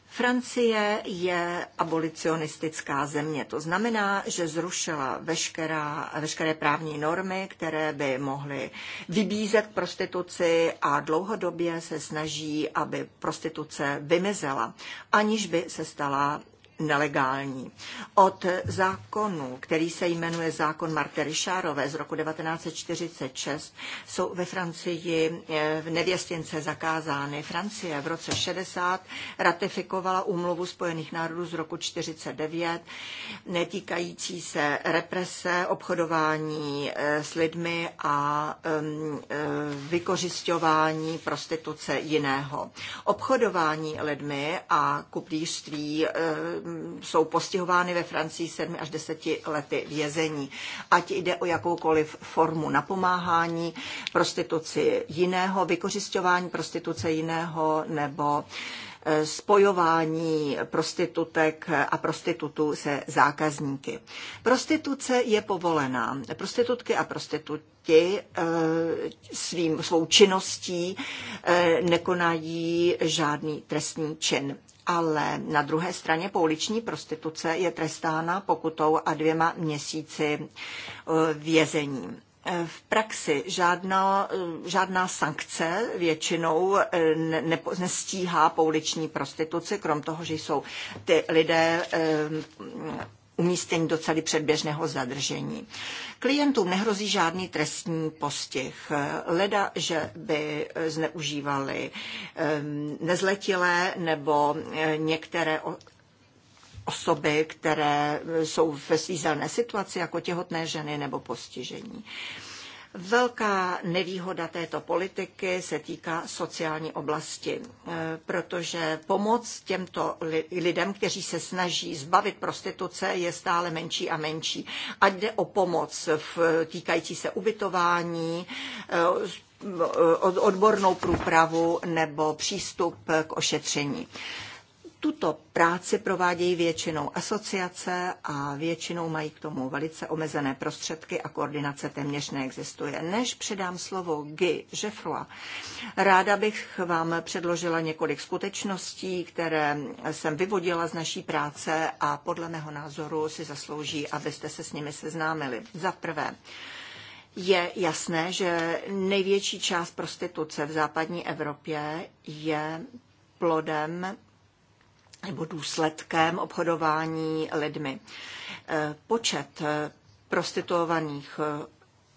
Francie je abolicionistická země, to znamená, že zrušila veškerá, veškeré právní normy, které by mohly vybízet k prostituci a dlouhodobě se snaží, aby prostituce vymizela, aniž by se stala nelegální. Od zákonu, který se jmenuje zákon Marte Richardové z roku 1946, jsou ve Francii eh, v nevěstince zakázány. Francie v roce 60 ratifikovala úmluvu Spojených národů z roku 49, netýkající se represe, obchodování eh, s lidmi a eh, vykořišťování prostituce jiného. Obchodování lidmi a kuplířství jsou postihovány ve Francii 7 až 10 lety vězení. Ať jde o jakoukoliv formu napomáhání, prostituci jiného, vykořišťování prostituce jiného nebo e, spojování prostitutek a prostitutů se zákazníky. Prostituce je povolená. Prostitutky a prostituti e, svým, svou činností e, nekonají žádný trestní čin ale na druhé straně pouliční prostituce je trestána pokutou a dvěma měsíci e, vězení. E, v praxi žádná, e, žádná sankce většinou ne, nestíhá pouliční prostituci, krom toho, že jsou ty lidé umístění do cely předběžného zadržení. Klientům nehrozí žádný trestní postih. Leda, že by zneužívali nezletilé nebo e, některé osoby, které jsou ve svízelné situaci, jako těhotné ženy nebo postižení. Velká nevýhoda této politiky se týká sociální oblasti, eh, protože pomoc těmto lidem, kteří se snaží zbavit prostituce, je stále menší a menší. Ať jde o pomoc v týkající se ubytování, eh, odbornou průpravu nebo přístup k ošetření tuto práci provádějí většinou asociace a většinou mají k tomu velice omezené prostředky a koordinace téměř neexistuje. Než předám slovo Guy Jeffroy, ráda bych vám předložila několik skutečností, které jsem vyvodila z naší práce a podle mého názoru si zaslouží, abyste se s nimi seznámili. Za prvé, je jasné, že největší část prostituce v západní Evropě je plodem nebo důsledkem obchodování lidmi. Eh, počet eh, prostituovaných eh,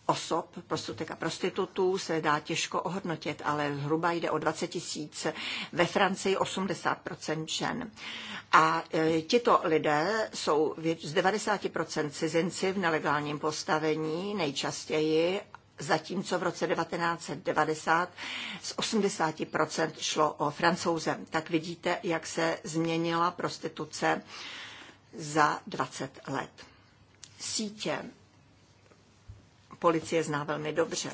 osob, prostitutek a prostitutů se dá těžko ohodnotit, ale zhruba jde o 20 tisíc, ve Francii 80 žen. A tito lidé jsou z 90 cizinci v nelegálním postavení nejčastěji zatímco v roce 1990 z 80% šlo o francouze. Tak vidíte, jak se změnila prostituce za 20 let. Sítě policie zná velmi dobře.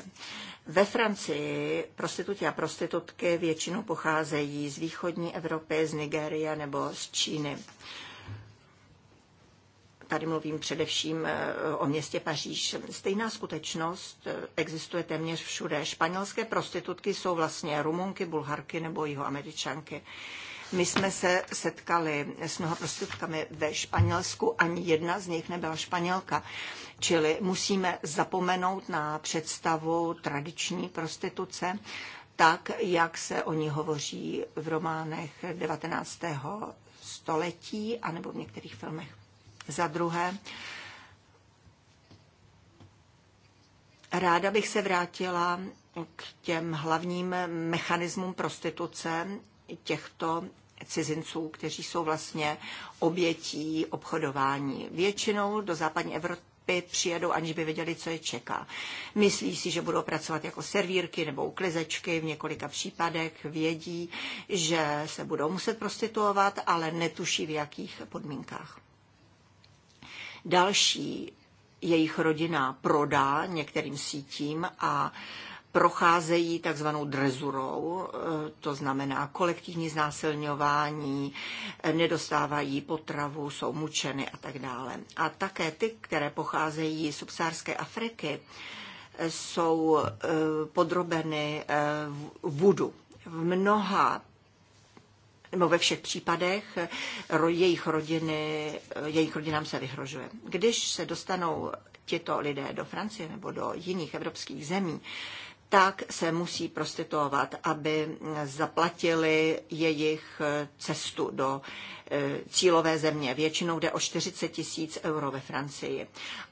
Ve Francii prostituti a prostitutky většinou pocházejí z východní Evropy, z Nigérie nebo z Číny. Tady mluvím především eh, o městě Paříž. Stejná skutečnost eh, existuje téměř všude. Španělské prostitutky jsou vlastně rumunky, bulharky nebo jihoameričanky. My jsme se setkali s mnoha prostitutkami ve Španělsku, ani jedna z nich nebyla Španělka. Čili musíme zapomenout na představu tradiční prostituce, tak, jak se o ní hovoří v románech 19. století anebo v některých filmech. Za druhé, ráda bych se vrátila k těm hlavním mechanismům prostituce těchto cizinců, kteří jsou vlastně obětí obchodování. Většinou do západní Evropy přijedou, aniž by věděli, co je čeká. Myslí si, že budou pracovat jako servírky nebo uklizečky, v několika případech vědí, že se budou muset prostituovat, ale netuší v jakých podmínkách další jejich rodina prodá některým sítím a procházejí takzvanou drezurou, e, to znamená kolektivní znásilňování, e, nedostávají potravu, jsou mučeny a tak dále. A také ty, které pocházejí z subsárské Afriky, e, jsou podrobeny vudu. V mnoha nebo ve všech případech eh, jejich, rodiny, eh, jejich rodinám se vyhrožuje. Když se dostanou tito lidé do Francie nebo do jiných evropských zemí, tak se musí prostituovat, aby eh, zaplatili jejich cestu do cílové země. Většinou jde o 40 tisíc euro ve Francii.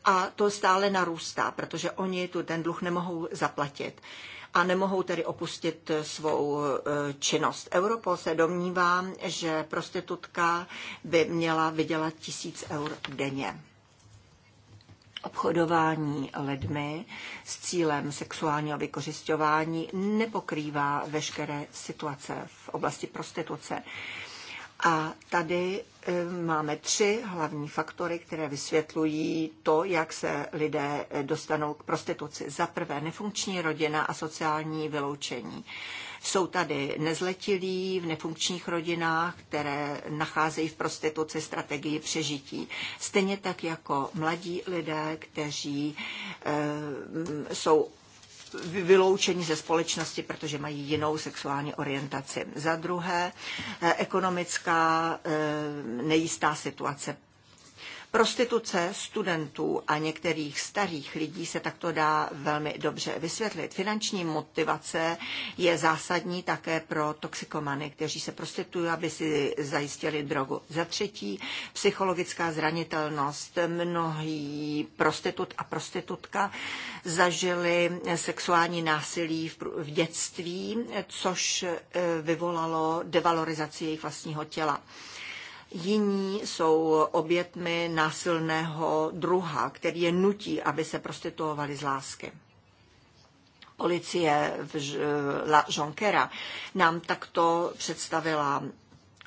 A to stále narůstá, protože oni tu ten dluh nemohou zaplatit a nemohou tedy opustit svou e, činnost. Europol se domnívá, že prostitutka by měla vydělat tisíc eur denně obchodování lidmi s cílem sexuálního vykořišťování nepokrývá veškeré situace v oblasti prostituce. A tady eh, máme tři hlavní faktory, které vysvětlují to, jak se lidé eh, dostanou k prostituci. Za prvé nefunkční rodina a sociální vyloučení. Jsou tady nezletilí v nefunkčních rodinách, které nacházejí v prostituci strategii přežití. Stejně tak jako mladí lidé, kteří e, jsou vyloučeni ze společnosti, protože mají jinou sexuální orientaci. Za druhé, eh, ekonomická eh, nejistá situace Prostituce studentů a některých starých lidí se takto dá velmi dobře vysvětlit. Finanční motivace je zásadní také pro toxikomany, kteří se prostitují, aby si zajistili drogu. Za třetí, psychologická zranitelnost. Mnohý prostitut a prostitutka zažili sexuální násilí v dětství, což eh, vyvolalo devalorizaci jejich vlastního těla. Jiní jsou obětmi násilného druha, který je nutí, aby se prostituovali z lásky. Policie v Jonquera nám takto představila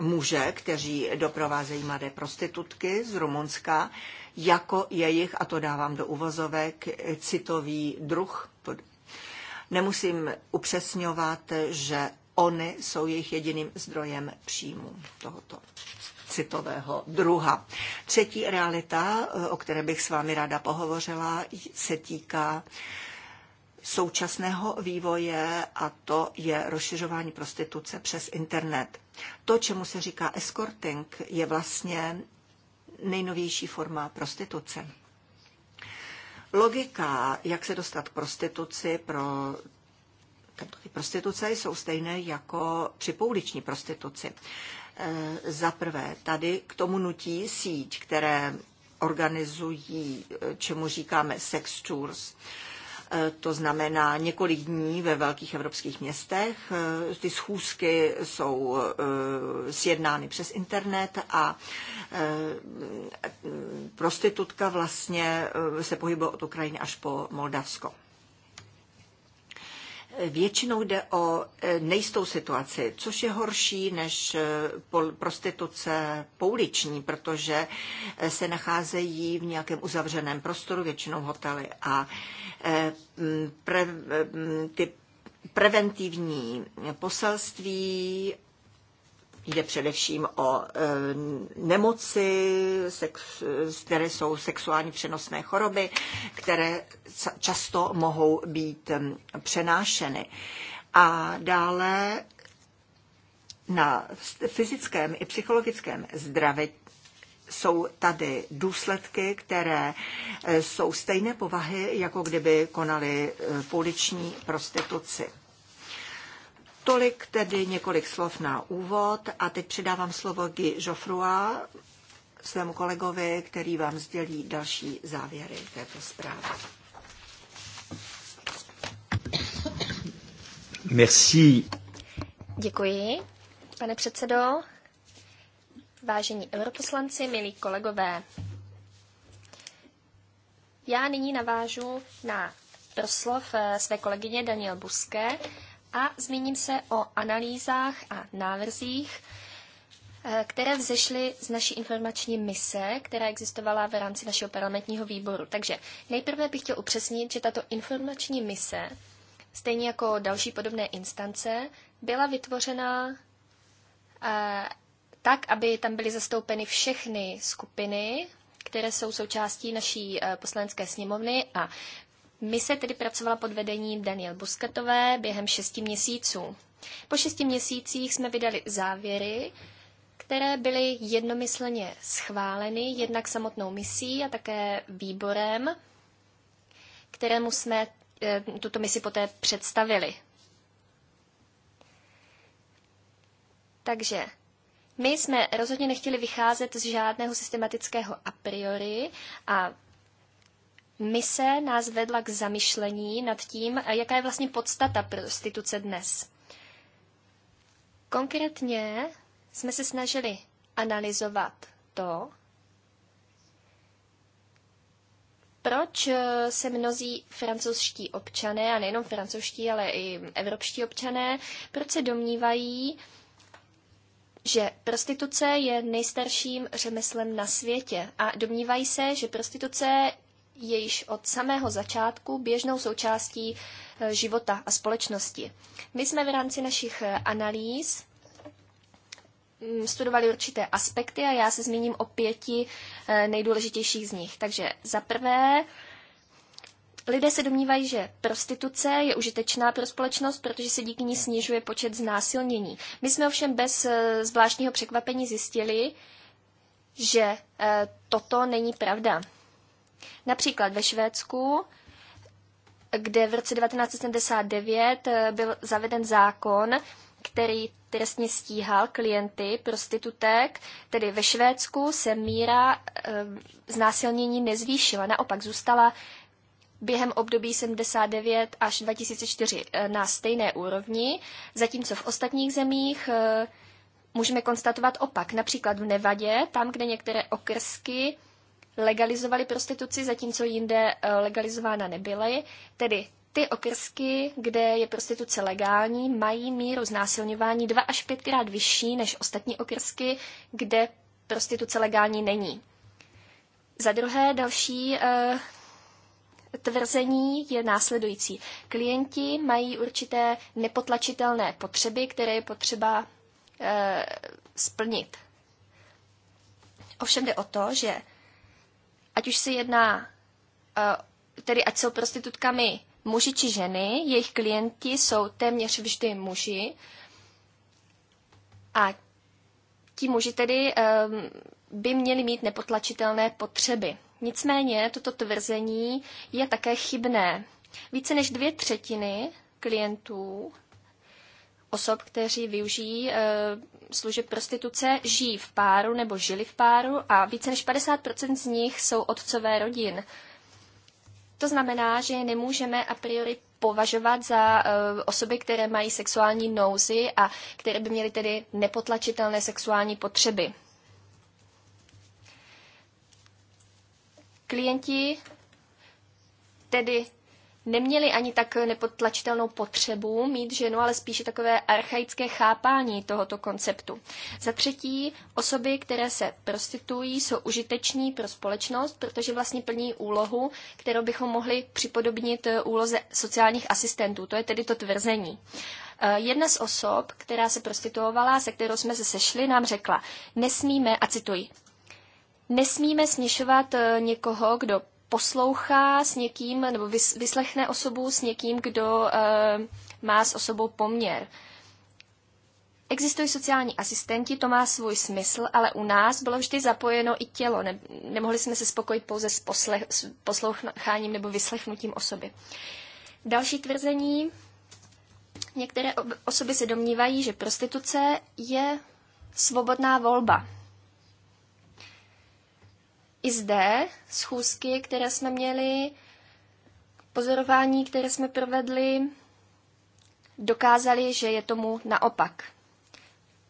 muže, kteří doprovázejí mladé prostitutky z Rumunska, jako jejich, a to dávám do uvozovek, citový druh. Nemusím upřesňovat, že Ony jsou jejich jediným zdrojem příjmu tohoto citového druha. Třetí realita, eh, o které bych s vámi ráda pohovořila, se týká současného vývoje a to je rozšiřování prostituce přes internet. To, čemu se říká escorting, je vlastně nejnovější forma prostituce. Logika, jak se dostat k prostituci pro prostituce jsou stejné jako při pouliční prostituci. Eh, za prvé, tady k tomu nutí síť, které organizují, eh, čemu říkáme sex tours. Eh, to znamená několik dní ve velkých evropských městech. Ty schůzky jsou sjednány přes internet a prostitutka vlastně se pohybuje od Ukrajiny až po Moldavsko. Většinou jde o e, nejistou situaci, což je horší než e, prostituce pouliční, protože e, se nacházejí v nějakém uzavřeném prostoru, většinou hotely. A pre, ty preventivní poselství Jde především o e, nemoci, sex, které jsou sexuální přenosné choroby, které často mohou být přenášeny. A dále na fyzickém i psychologickém zdraví jsou tady důsledky, které e, jsou stejné povahy, jako kdyby konali e, poliční prostituci. Tolik tedy několik slov na úvod a teď předávám slovo Guy Joffrua, svému kolegovi, který vám sdělí další závěry této zprávy. Merci. Děkuji, pane předsedo. Vážení europoslanci, milí kolegové, já nyní navážu na proslov eh, své kolegyně Daniel Buske, a zmíním se o analýzách a návrzích, eh, které vzešly z naší informační mise, která existovala v rámci našeho parlamentního výboru. Takže nejprve bych chtěl upřesnit, že tato informační mise, stejně jako další podobné instance, byla vytvořena eh, tak, aby tam byly zastoupeny všechny skupiny, které jsou součástí naší eh, poslanecké sněmovny a Mise tedy pracovala pod vedením Daniel Busketové během šesti měsíců. Po šesti měsících jsme vydali závěry, které byly jednomyslně schváleny jednak samotnou misí a také výborem, kterému jsme eh, tuto misi poté představili. Takže my jsme rozhodně nechtěli vycházet z žádného systematického a priori a mise nás vedla k zamyšlení nad tím, jaká je vlastně podstata prostituce dnes. Konkrétně jsme se snažili analyzovat to, proč se mnozí francouzští občané, a nejenom francouzští, ale i evropští občané, proč se domnívají, že prostituce je nejstarším řemeslem na světě a domnívají se, že prostituce je již od samého začátku běžnou součástí eh, života a společnosti. My jsme v rámci našich eh, analýz mm, studovali určité aspekty a já se zmíním o pěti eh, nejdůležitějších z nich. Takže za prvé, lidé se domnívají, že prostituce je užitečná pro společnost, protože se díky ní snižuje počet znásilnění. My jsme ovšem bez zvláštního překvapení zjistili, že toto není pravda. Například ve Švédsku, kde v roce 1979 eh, byl zaveden zákon, který trestně stíhal klienty prostitutek, tedy ve Švédsku se míra e, znásilnění nezvýšila, naopak zůstala během období 79 až 2004 eh, na stejné úrovni, zatímco v ostatních zemích e, můžeme konstatovat opak. Například v Nevadě, tam, kde některé okrsky legalizovali prostituci, zatímco jinde eh, legalizována nebyly. Tedy ty okrsky, kde je prostituce legální, mají míru znásilňování dva až pětkrát vyšší než ostatní okrsky, kde prostituce legální není. Za druhé, další e, tvrzení je následující. Klienti mají určité nepotlačitelné potřeby, které je potřeba e, splnit. Ovšem jde o to, že ať už se jedná, eh, tedy ať jsou prostitutkami muži či ženy, jejich klienti jsou téměř vždy muži a ti muži tedy ehm, by měli mít nepotlačitelné potřeby. Nicméně toto tvrzení je také chybné. Více než dvě třetiny klientů osob, kteří využijí eh, služeb prostituce, žijí v páru nebo žili v páru a více než 50% z nich jsou otcové rodin. To znamená, že nemůžeme a priori považovat za uh, osoby, které mají sexuální nouzy a které by měly tedy nepotlačitelné sexuální potřeby. Klienti tedy neměli ani tak nepotlačitelnou potřebu mít ženu, ale spíše takové archaické chápání tohoto konceptu. Za třetí, osoby, které se prostitují, jsou užiteční pro společnost, protože vlastně plní úlohu, kterou bychom mohli připodobnit eh, úloze sociálních asistentů. To je tedy to tvrzení. Eh, jedna z osob, která se prostituovala, se kterou jsme se sešli, nám řekla, nesmíme, a cituji, nesmíme směšovat eh, někoho, kdo poslouchá s někým, nebo vyslechne osobu s někým, kdo eh, má s osobou poměr. Existují sociální asistenti, to má svůj smysl, ale u nás bylo vždy zapojeno i tělo. Ne, nemohli jsme se spokojit pouze s, poslech, s posloucháním nebo vyslechnutím osoby. Další tvrzení. Některé osoby se domnívají, že prostituce je svobodná volba i zde schůzky, které jsme měli, pozorování, které jsme provedli, dokázali, že je tomu naopak.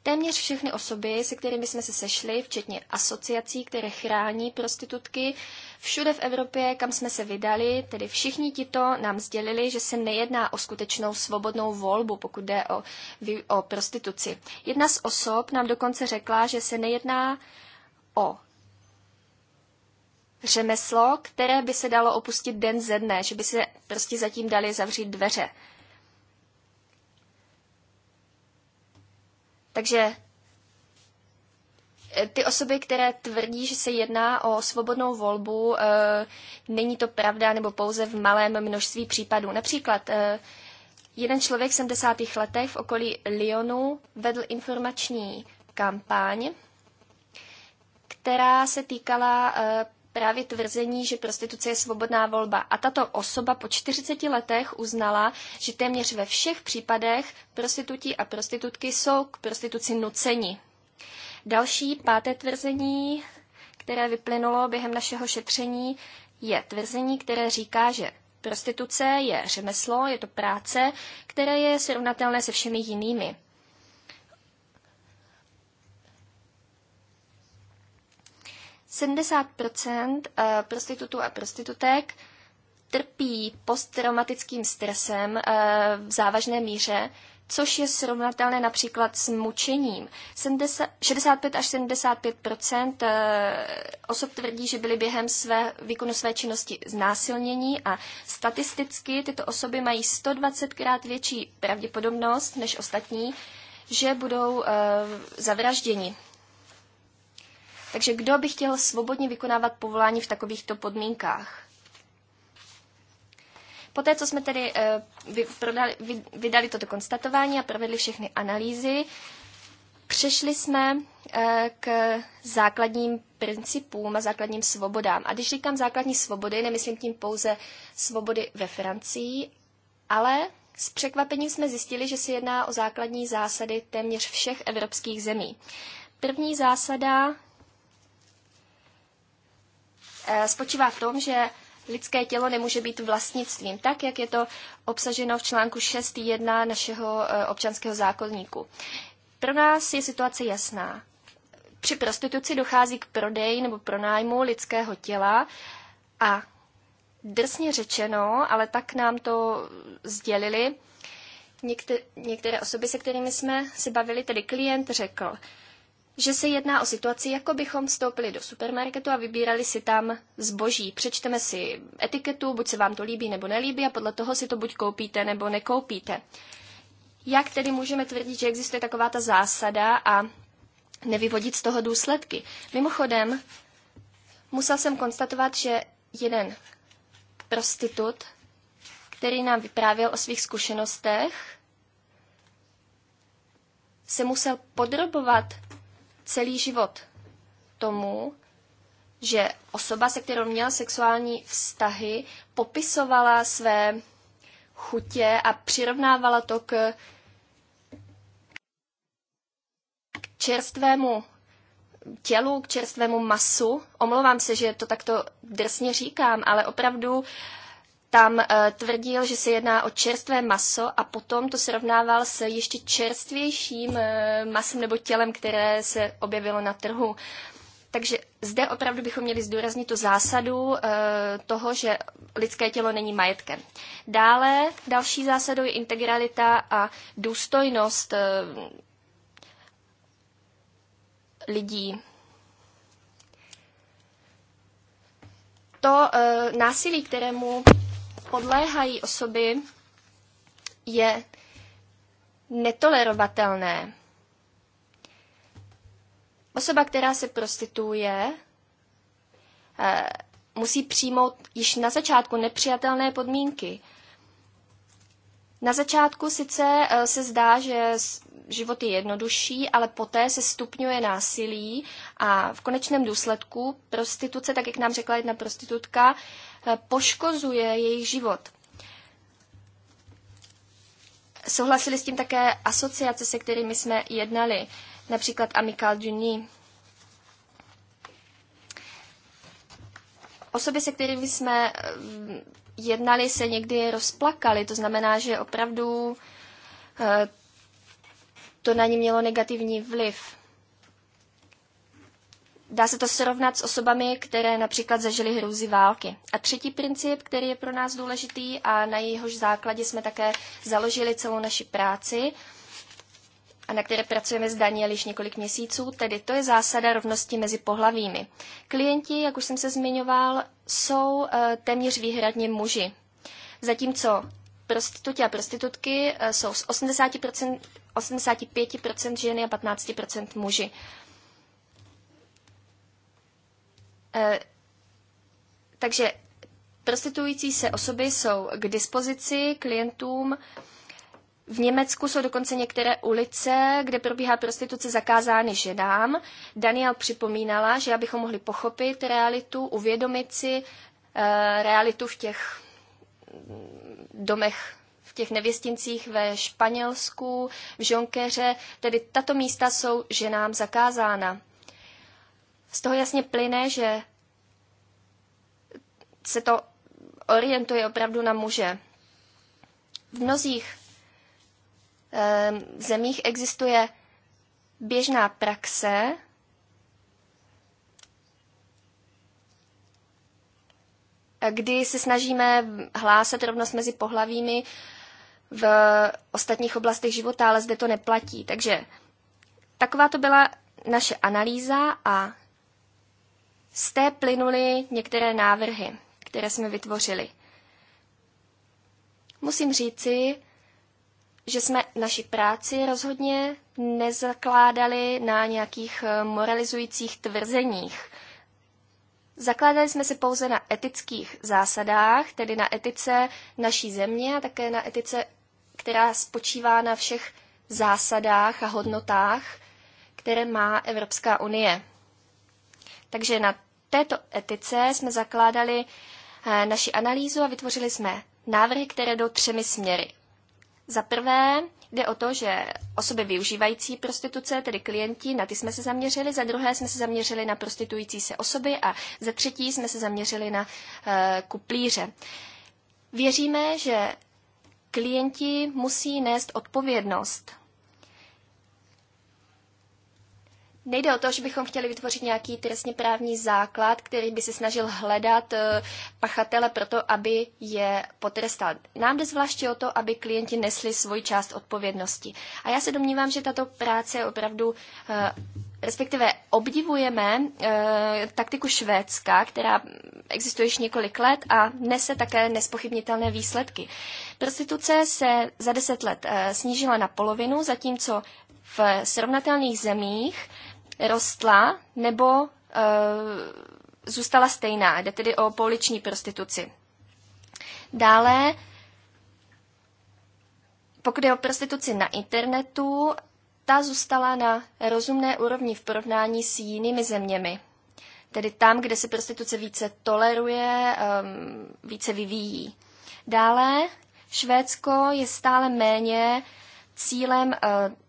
Téměř všechny osoby, se kterými jsme se sešli, včetně asociací, které chrání prostitutky, všude v Evropě, kam jsme se vydali, tedy všichni tito nám sdělili, že se nejedná o skutečnou svobodnou volbu, pokud jde o, o prostituci. Jedna z osob nám dokonce řekla, že se nejedná o řemeslo, které by se dalo opustit den ze dne, že by se prostě zatím dali zavřít dveře. Takže eh, ty osoby, které tvrdí, že se jedná o svobodnou volbu, e, není to pravda nebo pouze v malém množství případů. Například e, jeden člověk v 70. letech v okolí Lyonu vedl informační kampaň, která se týkala e, právě tvrzení, že prostituce je svobodná volba. A tato osoba po 40 letech uznala, že téměř ve všech případech prostituti a prostitutky jsou k prostituci nuceni. Další páté tvrzení, které vyplynulo během našeho šetření, je tvrzení, které říká, že prostituce je řemeslo, je to práce, které je srovnatelné se všemi jinými. 70 eh, prostitutů a prostitutek trpí posttraumatickým stresem eh, v závažné míře, což je srovnatelné například s mučením. 65 až 75 eh, osob tvrdí, že byly během své, výkonu své činnosti znásilnění a statisticky tyto osoby mají 120 krát větší pravděpodobnost než ostatní, že budou zavražděni. Takže kdo by chtěl svobodně vykonávat povolání v takovýchto podmínkách? Poté, co jsme tedy eh, vydali toto konstatování a provedli všechny analýzy, přešli jsme eh, k základním principům a základním svobodám. A když říkám základní svobody, nemyslím tím pouze svobody ve Francii, ale s překvapením jsme zjistili, že se jedná o základní zásady téměř všech evropských zemí. První zásada Eh, spočívá v tom, že lidské tělo nemůže být vlastnictvím, tak jak je to obsaženo v článku 6.1 našeho eh, občanského zákonníku. Pro nás je situace jasná. Při prostituci dochází k prodeji nebo pronájmu lidského těla a drsně řečeno, ale tak nám to sdělili, některé, osoby, se kterými jsme se bavili, tedy klient řekl, že se jedná o situaci, jako bychom vstoupili do supermarketu a vybírali si tam zboží. Přečteme si etiketu, buď se vám to líbí nebo nelíbí a podle toho si to buď koupíte nebo nekoupíte. Jak tedy můžeme tvrdit, že existuje taková ta zásada a nevyvodit z toho důsledky? Mimochodem, musel jsem konstatovat, že jeden prostitut, který nám vyprávěl o svých zkušenostech, se musel podrobovat celý život tomu, že osoba, se kterou měla sexuální vztahy, popisovala své chutě a přirovnávala to k, k čerstvému tělu, k čerstvému masu. Omlouvám se, že to takto drsně říkám, ale opravdu tam eh, tvrdil, že se jedná o čerstvé maso a potom to srovnával s ještě čerstvějším eh, masem nebo tělem, které se objevilo na trhu. Takže zde opravdu bychom měli zdůraznit tu zásadu eh, toho, že lidské tělo není majetkem. Dále další zásadou je integralita a důstojnost lidí. To násilí, kterému podléhají osoby, je netolerovatelné. Osoba, která se prostituje, eh, musí přijmout již na začátku nepřijatelné podmínky. Na začátku sice eh, se zdá, že život je jednodušší, ale poté se stupňuje násilí a v konečném důsledku prostituce, tak jak nám řekla jedna prostitutka, Eh, poškozuje jejich život. Souhlasili s tím také asociace, se kterými jsme jednali, například Amical Duny. Osoby, se kterými jsme eh, jednali, se někdy rozplakali. To znamená, že opravdu eh, to na ně mělo negativní vliv. Dá se to srovnat s osobami, které například zažily hrůzy války. A třetí princip, který je pro nás důležitý a na jehož základě jsme také založili celou naši práci a na které pracujeme s Daniel již několik měsíců, tedy to je zásada rovnosti mezi pohlavími. Klienti, jak už jsem se zmiňoval, jsou eh, téměř výhradně muži. Zatímco prostituti a prostitutky eh, jsou z 80%, 85% ženy a 15% muži. Eh, takže prostituující se osoby jsou k dispozici klientům. V Německu jsou dokonce některé ulice, kde probíhá prostituce zakázány ženám. Daniel připomínala, že abychom mohli pochopit realitu, uvědomit si e, realitu v těch mm, domech v těch nevěstincích ve Španělsku, v Žonkeře, tedy tato místa jsou ženám zakázána. Z toho jasně plyne, že se to orientuje opravdu na muže. V mnozích e, zemích existuje běžná praxe, kdy se snažíme hlásat rovnost mezi pohlavími v ostatních oblastech života, ale zde to neplatí. Takže taková to byla naše analýza a z té plynuly některé návrhy, které jsme vytvořili. Musím říci, že jsme naši práci rozhodně nezakládali na nějakých eh, moralizujících tvrzeních. Zakládali jsme se pouze na etických zásadách, tedy na etice naší země a také na etice, která spočívá na všech zásadách a hodnotách, které má Evropská unie. Takže na této etice jsme zakládali eh, naši analýzu a vytvořili jsme návrhy, které jdou třemi směry. Za prvé jde o to, že osoby využívající prostituce, tedy klienti, na ty jsme se zaměřili, za druhé jsme se zaměřili na prostituující se osoby a za třetí jsme se zaměřili na e, kuplíře. Věříme, že klienti musí nést odpovědnost Nejde o to, že bychom chtěli vytvořit nějaký trestně právní základ, který by se snažil hledat eh, pachatele proto, aby je potrestal. Nám jde zvláště o to, aby klienti nesli svoji část odpovědnosti. A já se domnívám, že tato práce je opravdu, eh, respektive obdivujeme eh, taktiku Švédska, která existuje již několik let a nese také nespochybnitelné výsledky. Prostituce se za deset let snížila na polovinu, zatímco v srovnatelných zemích rostla nebo uh, zůstala stejná. Jde tedy o pouliční prostituci. Dále, pokud je o prostituci na internetu, ta zůstala na rozumné úrovni v porovnání s jinými zeměmi. Tedy tam, kde se prostituce více toleruje, um, více vyvíjí. Dále Švédsko je stále méně cílem uh,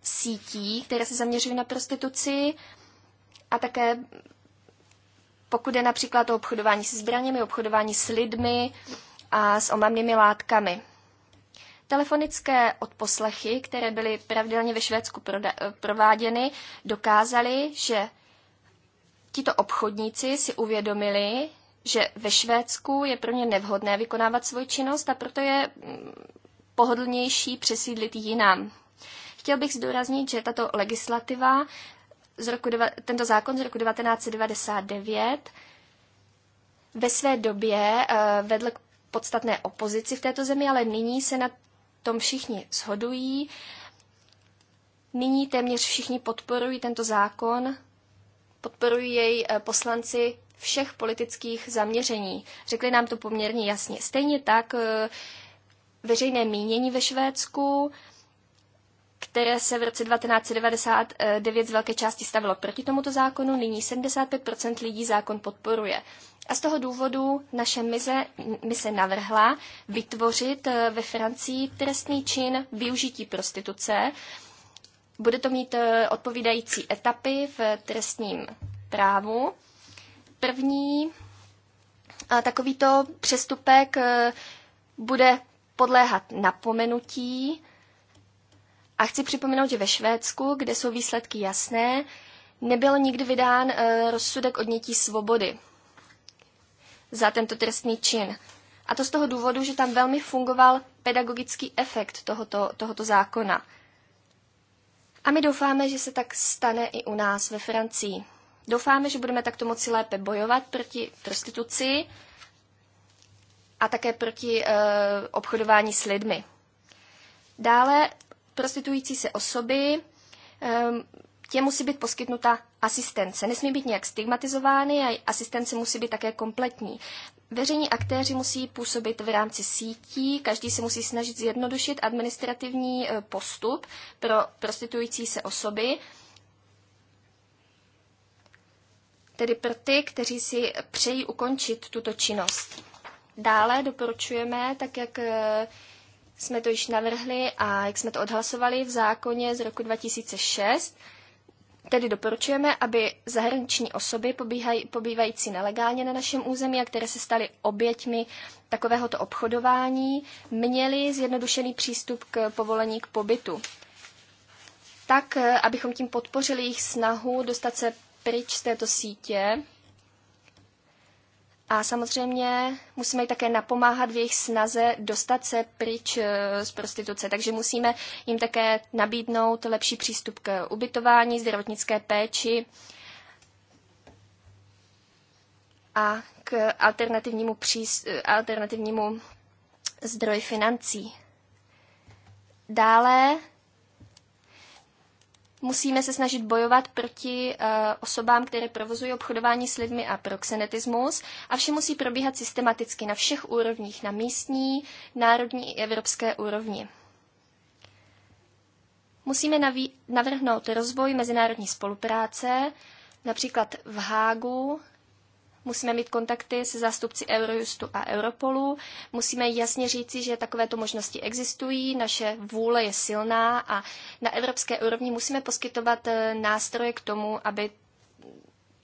sítí, které se zaměřují na prostituci a také pokud je například o obchodování se zbraněmi, obchodování s lidmi a s omamnými látkami. Telefonické odposlechy, které byly pravidelně ve Švédsku prováděny, dokázaly, že tito obchodníci si uvědomili, že ve Švédsku je pro ně nevhodné vykonávat svoji činnost a proto je mm, pohodlnější přesídlit jinam. Chtěl bych zdůraznit, že tato legislativa z roku, tento zákon z roku 1999 ve své době eh, vedl k podstatné opozici v této zemi, ale nyní se na tom všichni shodují. Nyní téměř všichni podporují tento zákon, podporují jej eh, poslanci všech politických zaměření. Řekli nám to poměrně jasně. Stejně tak eh, veřejné mínění ve Švédsku které se v roce 1999 z velké části stavilo proti tomuto zákonu, nyní 75 lidí zákon podporuje. A z toho důvodu naše mise, mise navrhla vytvořit eh, ve Francii trestný čin využití prostituce. Bude to mít eh, odpovídající etapy v trestním právu. První takovýto přestupek eh, bude podléhat napomenutí a chci připomenout, že ve Švédsku, kde jsou výsledky jasné, nebyl nikdy vydán e, rozsudek odnětí svobody za tento trestný čin. A to z toho důvodu, že tam velmi fungoval pedagogický efekt tohoto, tohoto zákona. A my doufáme, že se tak stane i u nás ve Francii. Doufáme, že budeme takto moci lépe bojovat proti prostituci a také proti e, obchodování s lidmi. Dále prostitující se osoby, ehm, tě musí být poskytnuta asistence. Nesmí být nějak stigmatizovány a asistence musí být také kompletní. Veřejní aktéři musí působit v rámci sítí, každý se musí snažit zjednodušit administrativní eh, postup pro prostitující se osoby, tedy pro ty, kteří si přejí ukončit tuto činnost. Dále doporučujeme, tak jak eh, jsme to již navrhli a jak jsme to odhlasovali v zákoně z roku 2006, Tedy doporučujeme, aby zahraniční osoby pobíhaj, pobývající nelegálně na našem území a které se staly oběťmi takovéhoto obchodování, měly zjednodušený přístup k povolení k pobytu. Tak, eh, abychom tím podpořili jejich snahu dostat se pryč z této sítě a samozřejmě musíme také napomáhat v jejich snaze dostat se pryč eh, z prostituce, takže musíme jim také nabídnout lepší přístup k ubytování, zdravotnické péči a k alternativnímu, přís, alternativnímu zdroji financí. Dále Musíme se snažit bojovat proti uh, osobám, které provozují obchodování s lidmi a proxenetismus. A vše musí probíhat systematicky na všech úrovních, na místní, národní i evropské úrovni. Musíme navrhnout rozvoj mezinárodní spolupráce, například v Hágu musíme mít kontakty se zástupci Eurojustu a Europolu, musíme jasně říci, že takovéto možnosti existují, naše vůle je silná a na evropské úrovni musíme poskytovat eh, nástroje k tomu, aby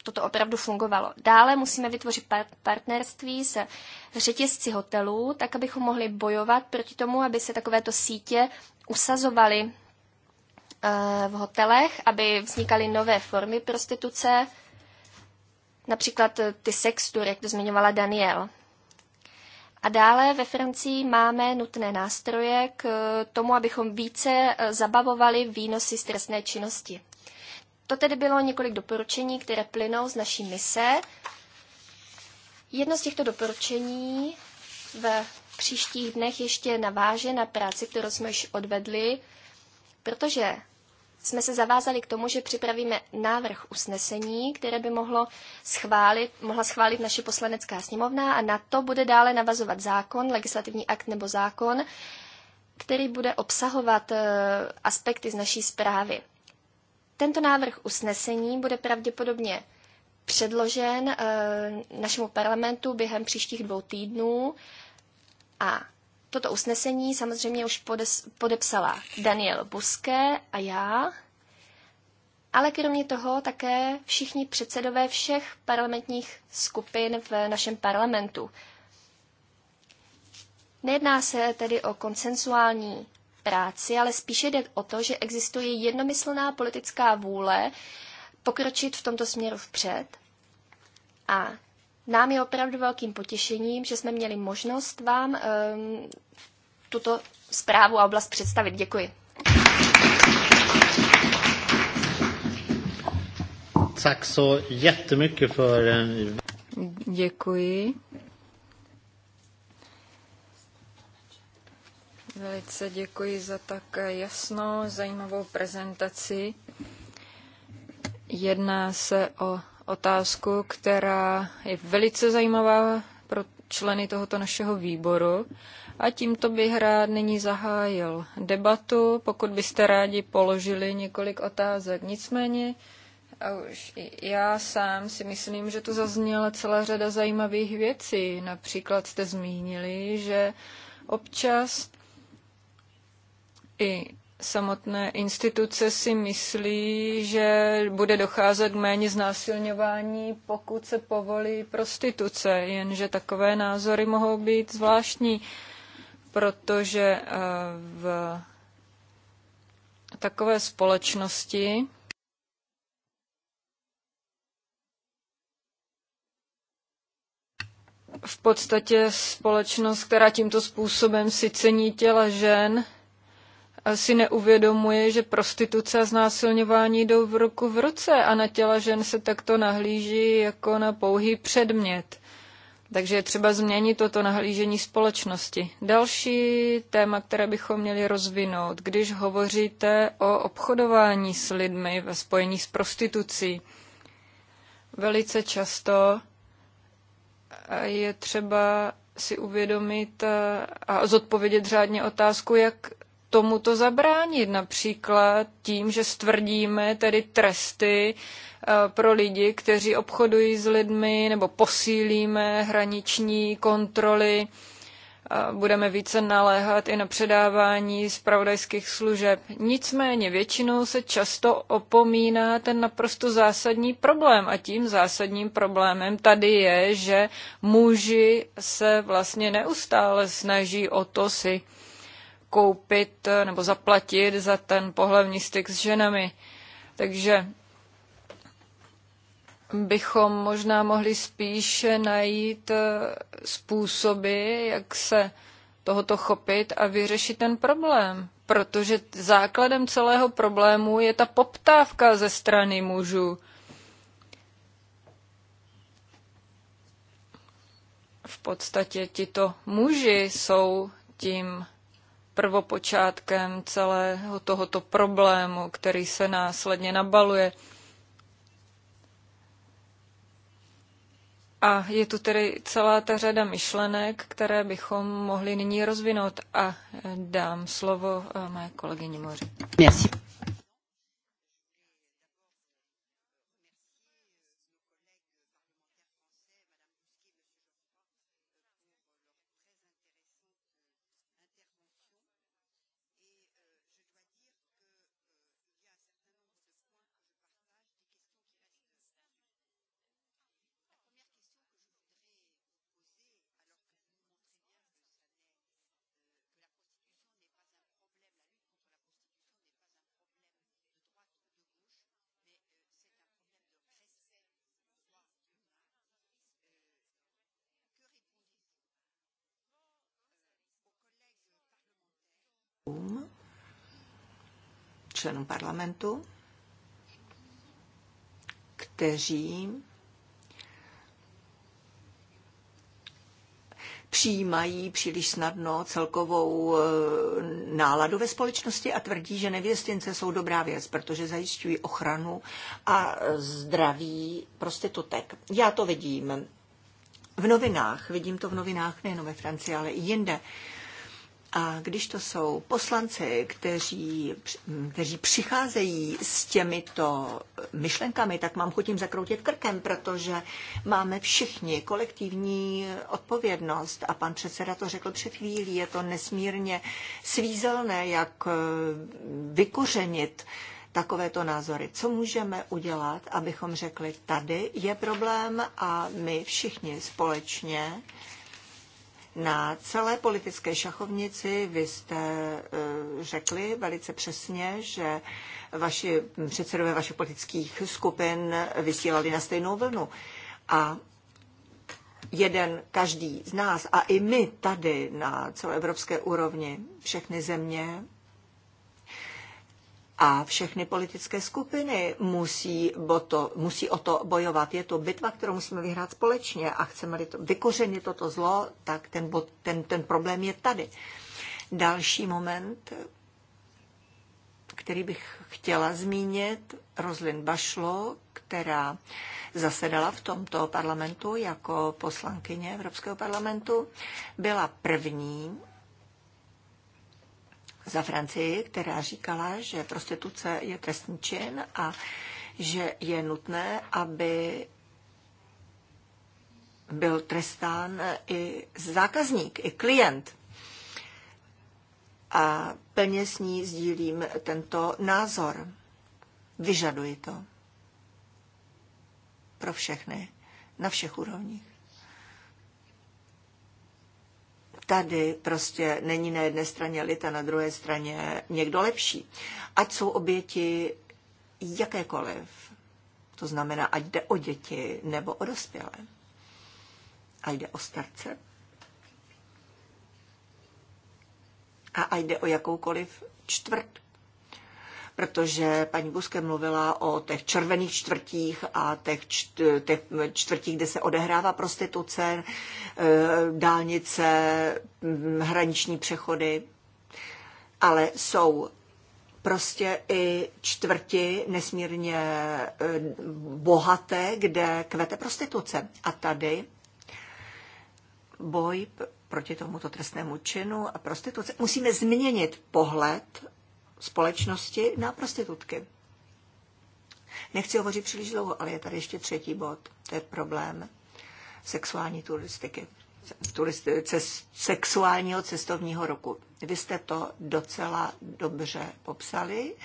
toto opravdu fungovalo. Dále musíme vytvořit partnerství se řetězci hotelů, tak abychom mohli bojovat proti tomu, aby se takovéto sítě usazovaly eh, v hotelech, aby vznikaly nové formy prostituce, například eh, ty sextury, jak to zmiňovala Daniel. A dále ve Francii máme nutné nástroje k eh, tomu, abychom více eh, zabavovali výnosy z trestné činnosti. To tedy bylo několik doporučení, které plynou z naší mise. Jedno z těchto doporučení v příštích dnech ještě naváže na práci, kterou jsme již odvedli, protože jsme se zavázali k tomu, že připravíme návrh usnesení, které by mohlo schválit, mohla schválit naše poslanecká sněmovna a na to bude dále navazovat zákon, legislativní akt nebo zákon, který bude obsahovat eh, aspekty z naší zprávy. Tento návrh usnesení bude pravděpodobně předložen eh, našemu parlamentu během příštích dvou týdnů a Toto usnesení samozřejmě už podepsala Daniel Buske a já, ale kromě toho také všichni předsedové všech parlamentních skupin v našem parlamentu. Nejedná se tedy o konsensuální práci, ale spíše jde o to, že existuje jednomyslná politická vůle pokročit v tomto směru vpřed. A nám je opravdu velkým potěšením, že jsme měli možnost vám um, tuto zprávu a oblast představit. Děkuji. Tak so jättemycket för... Eh, děkuji. Velice děkuji za tak jasnou, zajímavou prezentaci. Jedná se o otázku, která je velice zajímavá pro členy tohoto našeho výboru. A tímto bych rád nyní zahájil debatu, pokud byste rádi položili několik otázek. Nicméně a už já sám si myslím, že tu zazněla celá řada zajímavých věcí. Například jste zmínili, že občas i samotné instituce si myslí, že bude docházet k méně znásilňování, pokud se povolí prostituce, jenže takové názory mohou být zvláštní, protože eh, v takové společnosti v podstatě společnost, která tímto způsobem si cení těla žen, si neuvědomuje, že prostituce a znásilňování jdou v ruku v ruce a na těla žen se takto nahlíží jako na pouhý předmět. Takže je třeba změnit toto nahlížení společnosti. Další téma, které bychom měli rozvinout, když hovoříte o obchodování s lidmi ve spojení s prostitucí, velice často je třeba si uvědomit a zodpovědět řádně otázku, jak tomuto zabránit, například tím, že stvrdíme tedy tresty eh, pro lidi, kteří obchodují s lidmi, nebo posílíme hraniční kontroly, eh, budeme více naléhat i na předávání zpravodajských služeb. Nicméně většinou se často opomíná ten naprosto zásadní problém a tím zásadním problémem tady je, že muži se vlastně neustále snaží o to si koupit eh, nebo zaplatit za ten pohlavní styk s ženami. Takže bychom možná mohli spíše najít eh, způsoby, jak se tohoto chopit a vyřešit ten problém. Protože základem celého problému je ta poptávka ze strany mužů. V podstatě tito muži jsou tím prvopočátkem celého tohoto problému, který se následně nabaluje. A je tu tedy celá ta řada myšlenek, které bychom mohli nyní rozvinout. A dám slovo eh, mé kolegyni Moři. Merci. členům parlamentu, kteří přijímají příliš snadno celkovou eh, náladu ve společnosti a tvrdí, že nevěstince jsou dobrá věc, protože zajišťují ochranu a zdraví prostitutek. Já to vidím v novinách, vidím to v novinách nejenom ve Francii, ale i jinde. A když to jsou poslanci, kteří, mm, kteří přicházejí s těmito myšlenkami, tak mám chutím zakroutit krkem, protože máme všichni kolektivní odpovědnost. A pan předseda to řekl před chvílí, je to nesmírně svízelné, jak eh, vykořenit takovéto názory. Co můžeme udělat, abychom řekli, tady je problém a my všichni společně na celé politické šachovnici vy jste eh, řekli velice přesně, že vaši předsedové vašich politických skupin vysílali na stejnou vlnu. A jeden, každý z nás a i my tady na celoevropské úrovni, všechny země a všechny politické skupiny musí, boto, musí o to bojovat. Je to bitva, kterou musíme vyhrát společně a chceme-li to, vykořenit toto zlo, tak ten, ten, ten problém je tady. Další moment, který bych chtěla zmínit, Rozlin Bašlo, která zasedala v tomto parlamentu jako poslankyně Evropského parlamentu, byla první za Francii, která říkala, že prostituce je trestný čin a že je nutné, aby byl trestán i zákazník, i klient. A plně s ní sdílím tento názor. Vyžaduji to. Pro všechny. Na všech úrovních. tady prostě není na jedné straně lid a na druhé straně někdo lepší. Ať jsou oběti jakékoliv. To znamená, ať jde o děti nebo o dospělé. A jde o starce. A ať jde o jakoukoliv čtvrt protože paní Buske mluvila o těch červených čtvrtích a těch, čtvrtích, kde se odehrává prostituce, eh, dálnice, mm, hraniční přechody, ale jsou prostě i čtvrti nesmírně eh, bohaté, kde kvete prostituce. A tady boj proti tomuto trestnému činu a prostituce. Musíme změnit pohled společnosti na prostitutky. Nechci hovořit příliš dlouho, ale je tady ještě třetí bod. To je problém sexuální turistiky. Turisti, cest, sexuálního cestovního roku. Vy jste to docela dobře popsali.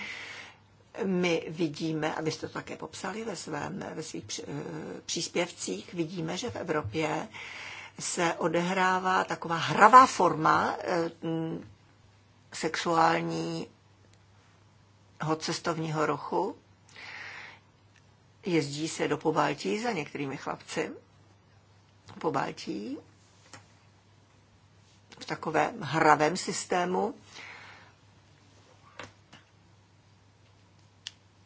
My vidíme, a vy jste to také popsali ve, svém, ve svých eh, příspěvcích, vidíme, že v Evropě se odehrává taková hravá forma eh, sexuální cestovního ruchu. Jezdí se do Pobaltí za některými chlapci. Pobaltí v takovém hravém systému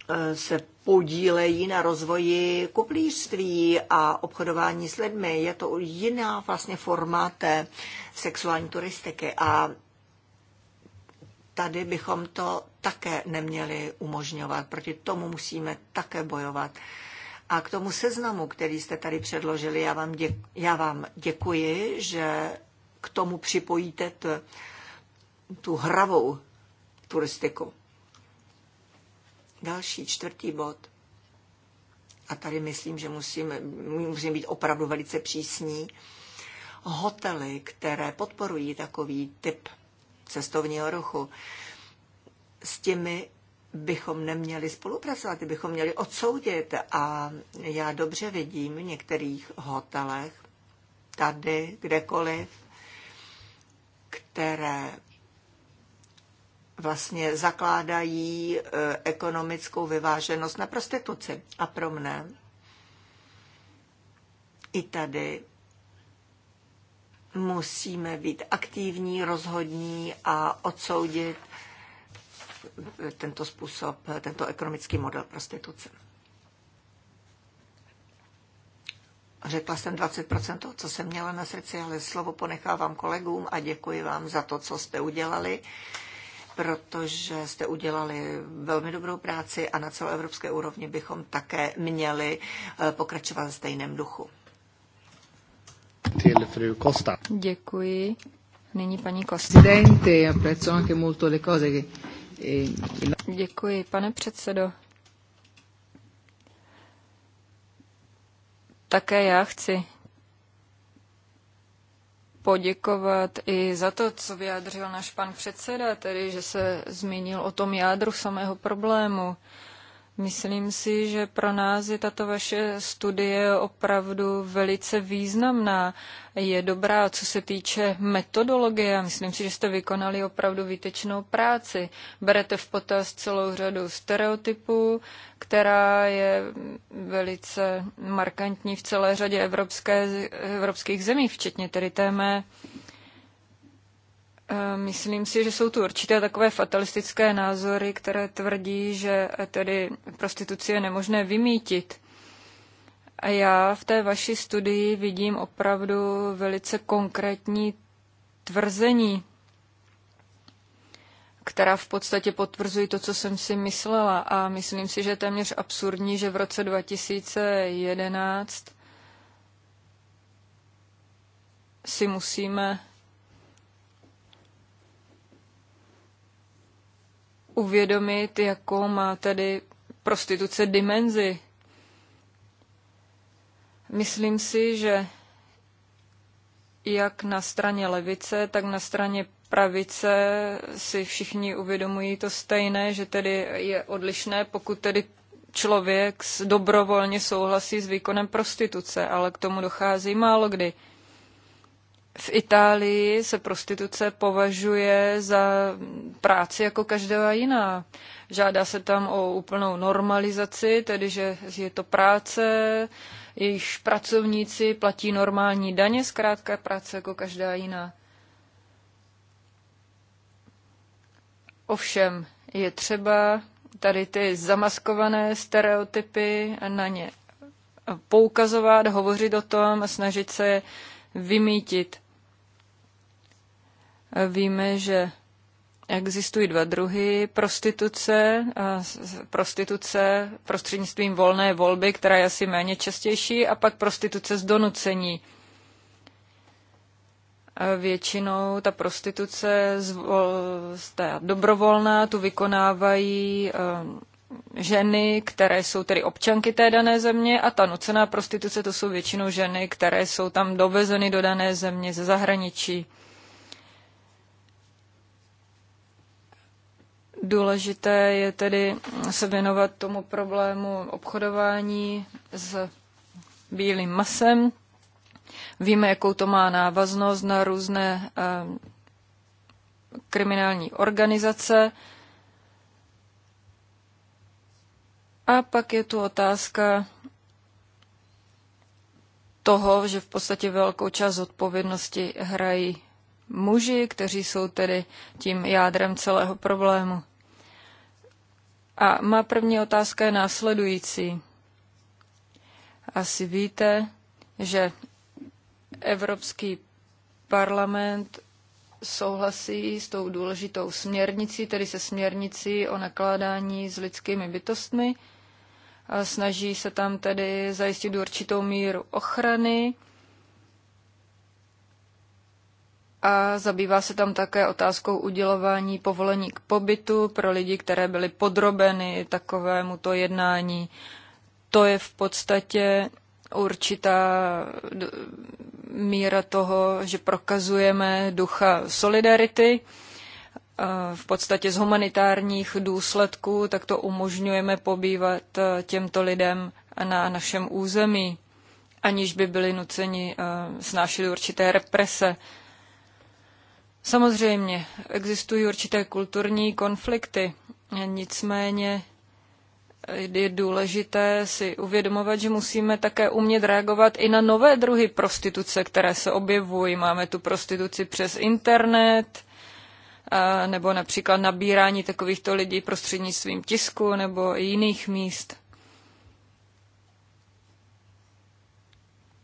e, se podílejí na rozvoji kuplířství a obchodování s lidmi. Je to jiná vlastně forma té sexuální turistiky a tady bychom to také neměli umožňovat. Proti tomu musíme také bojovat. A k tomu seznamu, který jste tady předložili, já vám, děkuji, já vám děkuji, že k tomu připojíte t, tu hravou turistiku. Další, čtvrtý bod. A tady myslím, že musíme, musíme být opravdu velice přísní. Hotely, které podporují takový typ cestovního ruchu, s těmi bychom neměli spolupracovat, ty bychom měli odsoudit. A já dobře vidím v některých hotelech, tady, kdekoliv, které vlastně zakládají e, ekonomickou vyváženost na prostituci. A pro mne i tady musíme být aktivní, rozhodní a odsoudit tento způsob, tento ekonomický model prostituce. Řekla jsem 20% toho, co jsem měla na srdci, ale slovo ponechávám kolegům a děkuji vám za to, co jste udělali, protože jste udělali velmi dobrou práci a na celoevropské úrovni bychom také měli eh, pokračovat v stejném duchu. Děkuji. Nyní paní Kosta. Presidente, apprezzo anche molto le cose che Děkuji, pane předsedo. Také já chci poděkovat i za to, co vyjádřil náš pan předseda, tedy že se zmínil o tom jádru samého problému. Myslím si, že pro nás je tato vaše studie opravdu velice významná. Je dobrá, co se týče metodologie. Myslím si, že jste vykonali opravdu výtečnou práci. Berete v potaz celou řadu stereotypů, která je velice markantní v celé řadě evropské, evropských zemí, včetně tedy té mé. Eh, myslím si, že jsou tu určité takové fatalistické názory, které tvrdí, že tedy prostituci je nemožné vymítit. A já v té vaší studii vidím opravdu velice konkrétní tvrzení, která v podstatě potvrzují to, co jsem si myslela. A myslím si, že je téměř absurdní, že v roce 2011 si musíme uvědomit, jakou má tedy prostituce dimenzi. Myslím si, že jak na straně levice, tak na straně pravice si všichni uvědomují to stejné, že tedy je odlišné, pokud tedy člověk dobrovolně souhlasí s výkonem prostituce, ale k tomu dochází málo kdy. V Itálii se prostituce považuje za práci jako každá jiná. Žádá se tam o úplnou normalizaci, tedy že je to práce, jejich pracovníci platí normální daně, zkrátka práce jako každá jiná. Ovšem je třeba tady ty zamaskované stereotypy na ně poukazovat, hovořit o tom a snažit se vymítit. Víme, že Existují dva druhy prostituce. Prostituce prostřednictvím volné volby, která je asi méně častější, a pak prostituce z donucení. Většinou ta prostituce z, ta dobrovolná tu vykonávají ehm, ženy, které jsou tedy občanky té dané země a ta nucená prostituce to jsou většinou ženy, které jsou tam dovezeny do dané země ze zahraničí. Důležité je tedy se věnovat tomu problému obchodování s bílým masem. Víme, jakou to má návaznost na různé eh, kriminální organizace. A pak je tu otázka toho, že v podstatě velkou část odpovědnosti hrají muži, kteří jsou tedy tím jádrem celého problému. A má první otázka je následující. Asi víte, že Evropský parlament souhlasí s tou důležitou směrnicí, tedy se směrnicí o nakládání s lidskými bytostmi. A snaží se tam tedy zajistit určitou míru ochrany a zabývá se tam také otázkou udělování povolení k pobytu pro lidi, které byly podrobeny takovému to jednání. To je v podstatě určitá míra toho, že prokazujeme ducha solidarity. V podstatě z humanitárních důsledků, tak to umožňujeme pobývat těmto lidem na našem území, aniž by byli nuceni snášet určité represe. Samozřejmě existují určité kulturní konflikty, nicméně eh, je důležité si uvědomovat, že musíme také umět reagovat i na nové druhy prostituce, které se objevují. Máme tu prostituci přes internet, nebo například nabírání takovýchto lidí prostřednictvím tisku nebo i jiných míst.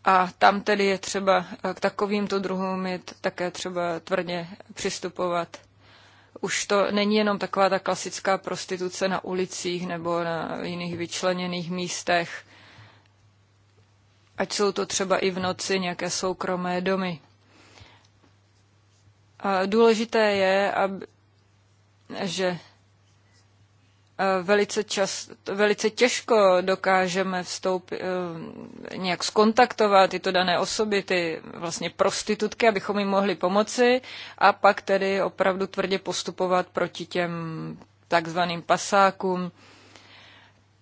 A tam tedy je třeba eh, k takovýmto druhům je také třeba tvrdě přistupovat. Už to není jenom taková ta klasická prostituce na ulicích nebo na jiných vyčleněných místech, ať jsou to třeba i v noci nějaké soukromé domy. A důležité je, aby, že Eh, velice, čas, velice těžko dokážeme vstoupit, eh, nějak skontaktovat tyto dané osoby, ty vlastně prostitutky, abychom jim mohli pomoci a pak tedy opravdu tvrdě postupovat proti těm takzvaným pasákům,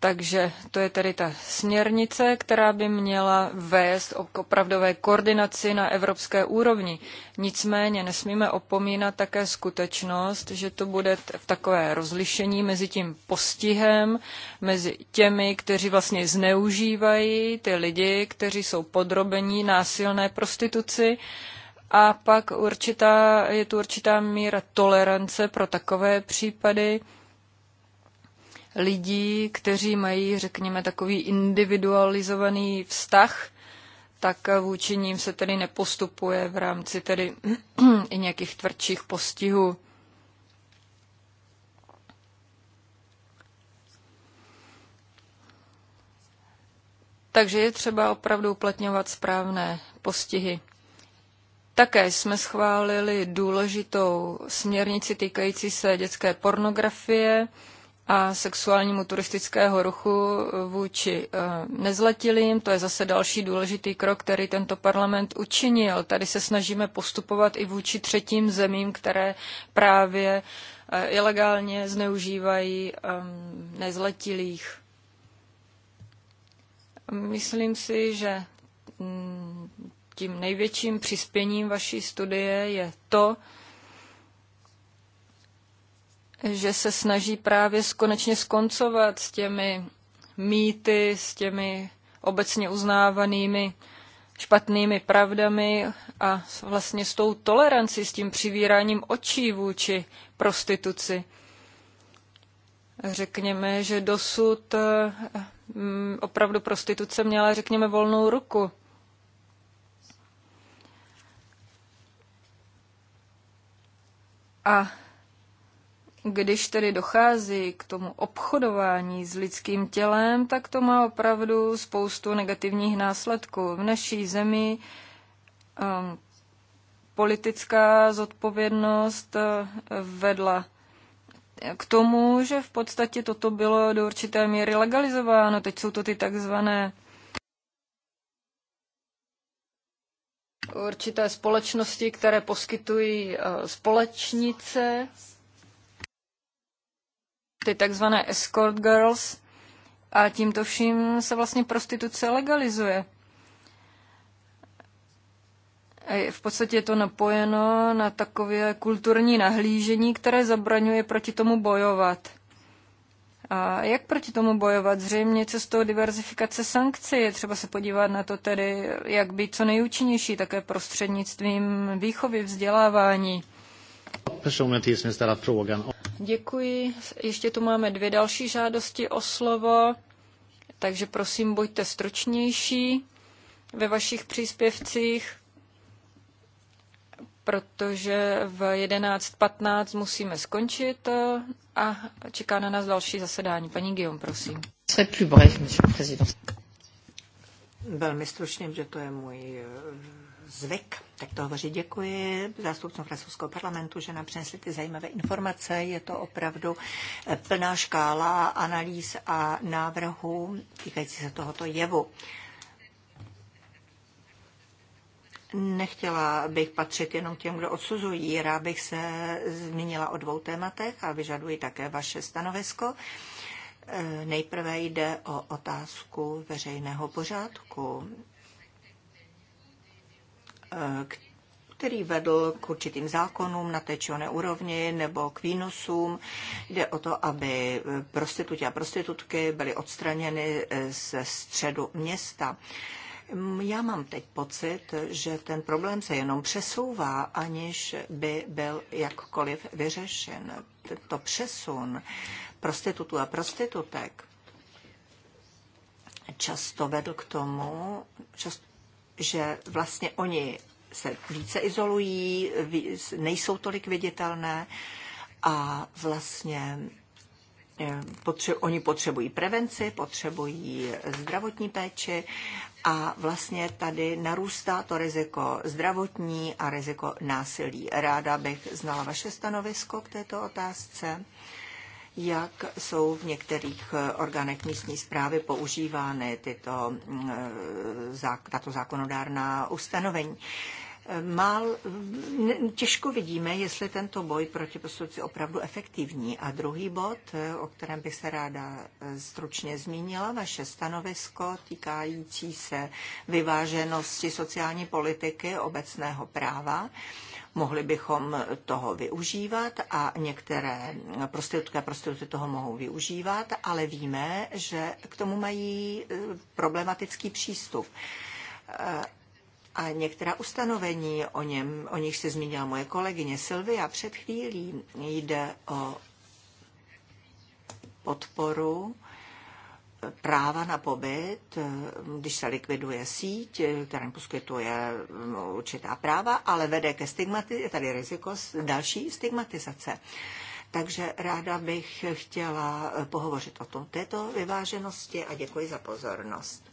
takže to je tedy ta směrnice, která by měla vést k opravdové koordinaci na evropské úrovni. Nicméně nesmíme opomínat také skutečnost, že to bude v takové rozlišení mezi tím postihem, mezi těmi, kteří vlastně zneužívají ty lidi, kteří jsou podrobení násilné prostituci, a pak určitá, je tu určitá míra tolerance pro takové případy, lidí, kteří mají, řekněme, takový individualizovaný vztah, tak vůči ním se tedy nepostupuje v rámci tedy i nějakých tvrdších postihů. Takže je třeba opravdu uplatňovat správné postihy. Také jsme schválili důležitou směrnici týkající se dětské pornografie, a sexuálnímu turistického ruchu vůči eh, nezletilým. To je zase další důležitý krok, který tento parlament učinil. Tady se snažíme postupovat i vůči třetím zemím, které právě eh, ilegálně zneužívají ehm, nezletilých. Myslím si, že mm, tím největším přispěním vaší studie je to, že se snaží právě konečně skoncovat s těmi mýty, s těmi obecně uznávanými špatnými pravdami a vlastně s tou tolerancí, s tím přivíráním očí vůči prostituci. Řekněme, že dosud eh, mm, opravdu prostituce měla, řekněme, volnou ruku. A když tedy dochází k tomu obchodování s lidským tělem, tak to má opravdu spoustu negativních následků. V naší zemi um, politická zodpovědnost uh, vedla k tomu, že v podstatě toto bylo do určité míry legalizováno. Teď jsou to ty takzvané určité společnosti, které poskytují uh, společnice ty takzvané escort girls a tímto vším se vlastně prostituce legalizuje. V podstatě je to napojeno na takové kulturní nahlížení, které zabraňuje proti tomu bojovat. A jak proti tomu bojovat? Zřejmě cestou diverzifikace sankcí. Je třeba se podívat na to tedy, jak být co nejúčinnější, také prostřednictvím výchovy, vzdělávání. Děkuji. Ještě tu máme dvě další žádosti o slovo, takže prosím, buďte stručnější ve vašich příspěvcích, protože v 11.15 musíme skončit eh, a čeká na nás další zasedání. Paní Gion, prosím. Velmi stručně, že to je můj eh, zvyk. Tak to hovoří děkuji zástupcům francouzského parlamentu, že nám přinesli ty zajímavé informace. Je to opravdu eh, plná škála analýz a návrhů týkající se tohoto jevu. Nechtěla bych patřit jenom těm, kdo odsuzují. Rád bych se zmínila o dvou tématech a vyžaduji také vaše stanovisko. Eh, Nejprve jde o otázku veřejného pořádku který vedl k určitým zákonům na té či úrovni nebo k výnosům. Jde o to, aby eh, prostituti a prostitutky byly odstraněny eh, ze středu města. Mm, já mám teď pocit, že ten problém se jenom přesouvá, aniž by byl jakkoliv vyřešen. To přesun prostitutů a prostitutek často vedl k tomu, často že vlastně oni se více izolují, nejsou tolik viditelné a vlastně eh, potře- oni potřebují prevenci, potřebují zdravotní péči a vlastně tady narůstá to riziko zdravotní a riziko násilí. Ráda bych znala vaše stanovisko k této otázce jak jsou v některých eh, orgánech místní zprávy používány tyto, eh, tato zákonodárná ustanovení. Eh, Mal těžko vidíme, jestli tento boj proti prostituci opravdu efektivní. A druhý bod, o kterém bych se ráda stručně zmínila, vaše stanovisko týkající se vyváženosti sociální politiky obecného práva. Eh, mohli bychom toho využívat a některé prostitutky a prostituty toho mohou využívat, ale víme, že k tomu mají e, problematický přístup e, a některá ustanovení, o, něm, o nich se zmínila moje kolegyně Silvia před chvílí, jde o podporu práva na pobyt, když se likviduje síť, která poskytuje určitá práva, ale vede ke stigmatizaci, je tady riziko další stigmatizace. Takže ráda bych chtěla pohovořit o tom, této vyváženosti a děkuji za pozornost.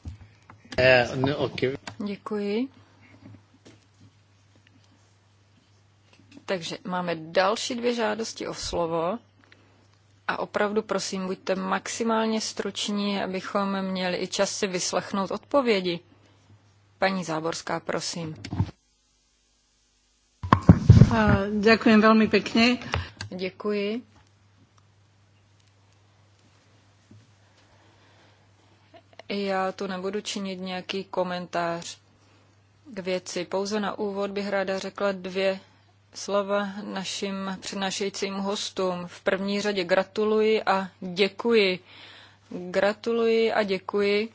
Eh, no, děkuji. Takže máme další dvě žádosti o slovo. A opravdu prosím, buďte maximálně struční, abychom měli i čas si vyslechnout odpovědi. Paní Záborská, prosím. Děkuji velmi pěkně. Děkuji. Já tu nebudu činit nějaký komentář k věci. Pouze na úvod bych ráda řekla dvě slova našim přednášejícím hostům. V první řadě gratuluji a děkuji. Gratuluji a děkuji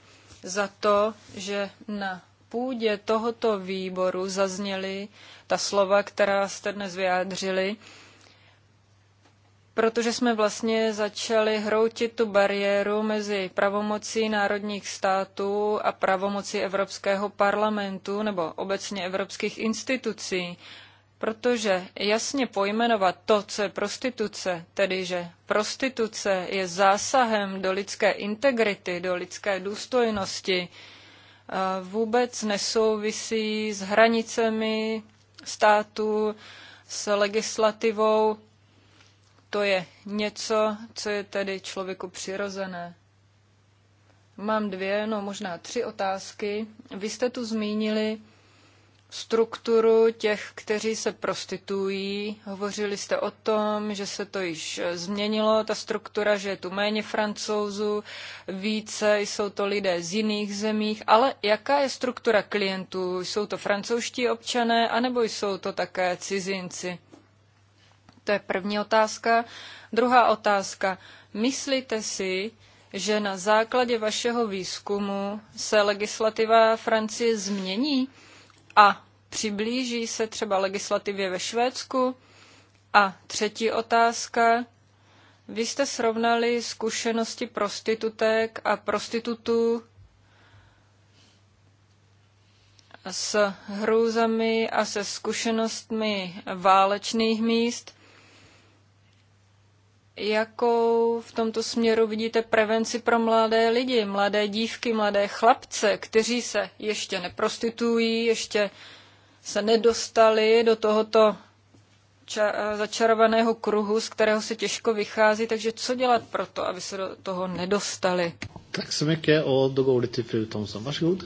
za to, že na půdě tohoto výboru zazněly ta slova, která jste dnes vyjádřili, protože jsme vlastně začali hroutit tu bariéru mezi pravomocí národních států a pravomocí Evropského parlamentu nebo obecně evropských institucí protože jasně pojmenovat to, co je prostituce, tedy že prostituce je zásahem do lidské integrity, do lidské důstojnosti, eh, vůbec nesouvisí s hranicemi státu, s legislativou. To je něco, co je tedy člověku přirozené. Mám dvě, no možná tři otázky. Vy jste tu zmínili, strukturu těch, kteří se prostitují. Hovořili jste o tom, že se to již změnilo, ta struktura, že je tu méně francouzů, více jsou to lidé z jiných zemích, ale jaká je struktura klientů? Jsou to francouzští občané, anebo jsou to také cizinci? To je první otázka. Druhá otázka. Myslíte si, že na základě vašeho výzkumu se legislativa Francie změní? a přiblíží se třeba legislativě ve Švédsku? A třetí otázka. Vy jste srovnali zkušenosti prostitutek a prostitutů s hrůzami a se zkušenostmi válečných míst jakou v tomto směru vidíte prevenci pro mladé lidi, mladé dívky, mladé chlapce, kteří se ještě neprostitují, ještě se nedostali do tohoto začarovaného kruhu, z kterého se těžko vychází, takže co dělat pro to, aby se do toho nedostali? Tak se mycket och då går det till fru Thomson. Varsågod.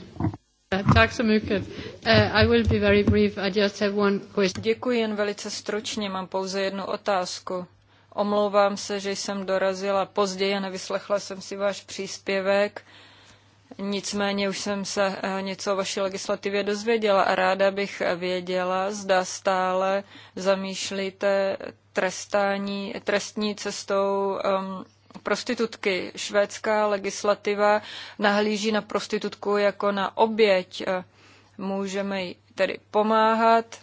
Eh, tak så mycket. Eh, I will be very brief. I just have one question. Děkuji jen velice stručně, mám pouze jednu otázku. Omlouvám se, že jsem dorazila později a nevyslechla jsem si váš příspěvek. Nicméně už jsem se eh, něco o vaší legislativě dozvěděla a ráda bych věděla, zda stále zamýšlíte trestání, trestní cestou um, prostitutky. Švédská legislativa nahlíží na prostitutku jako na oběť. Můžeme jí tedy pomáhat,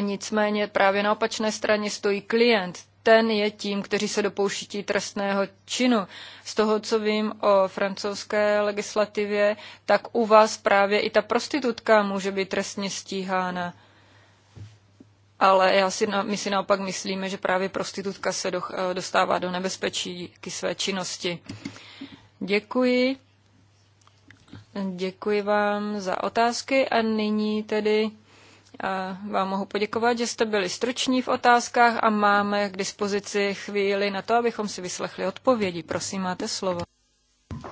nicméně právě na opačné straně stojí klient ten je tím, kteří se dopouští trestného činu. Z toho, co vím o francouzské legislativě, tak u vás právě i ta prostitutka může být trestně stíhána. Ale já si, my si naopak myslíme, že právě prostitutka se do, eh, dostává do nebezpečí díky své činnosti. Děkuji. Děkuji vám za otázky a nyní tedy vám mohu poděkovat, že jste byli struční v otázkách a máme k dispozici chvíli na to, abychom si vyslechli odpovědi. Prosím, máte slovo.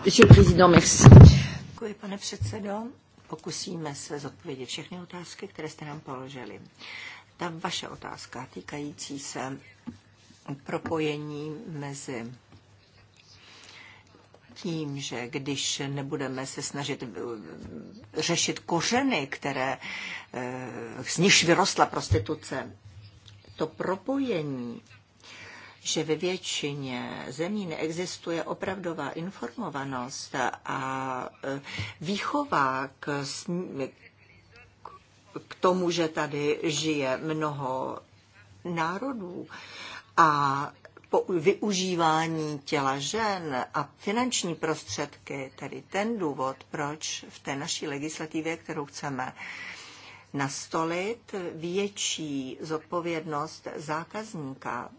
Děkuji, pane předsedo. Pokusíme se zodpovědět všechny otázky, které jste nám položili. Ta vaše otázka týkající se propojení mezi tím, že když nebudeme se snažit eh, řešit kořeny, které eh, z nich vyrostla prostituce, to propojení, že ve většině zemí neexistuje opravdová informovanost a eh, výchova k, k tomu, že tady žije mnoho národů a po využívání těla žen a finanční prostředky, tedy ten důvod, proč v té naší legislativě, kterou chceme nastolit, větší zodpovědnost zákazníka,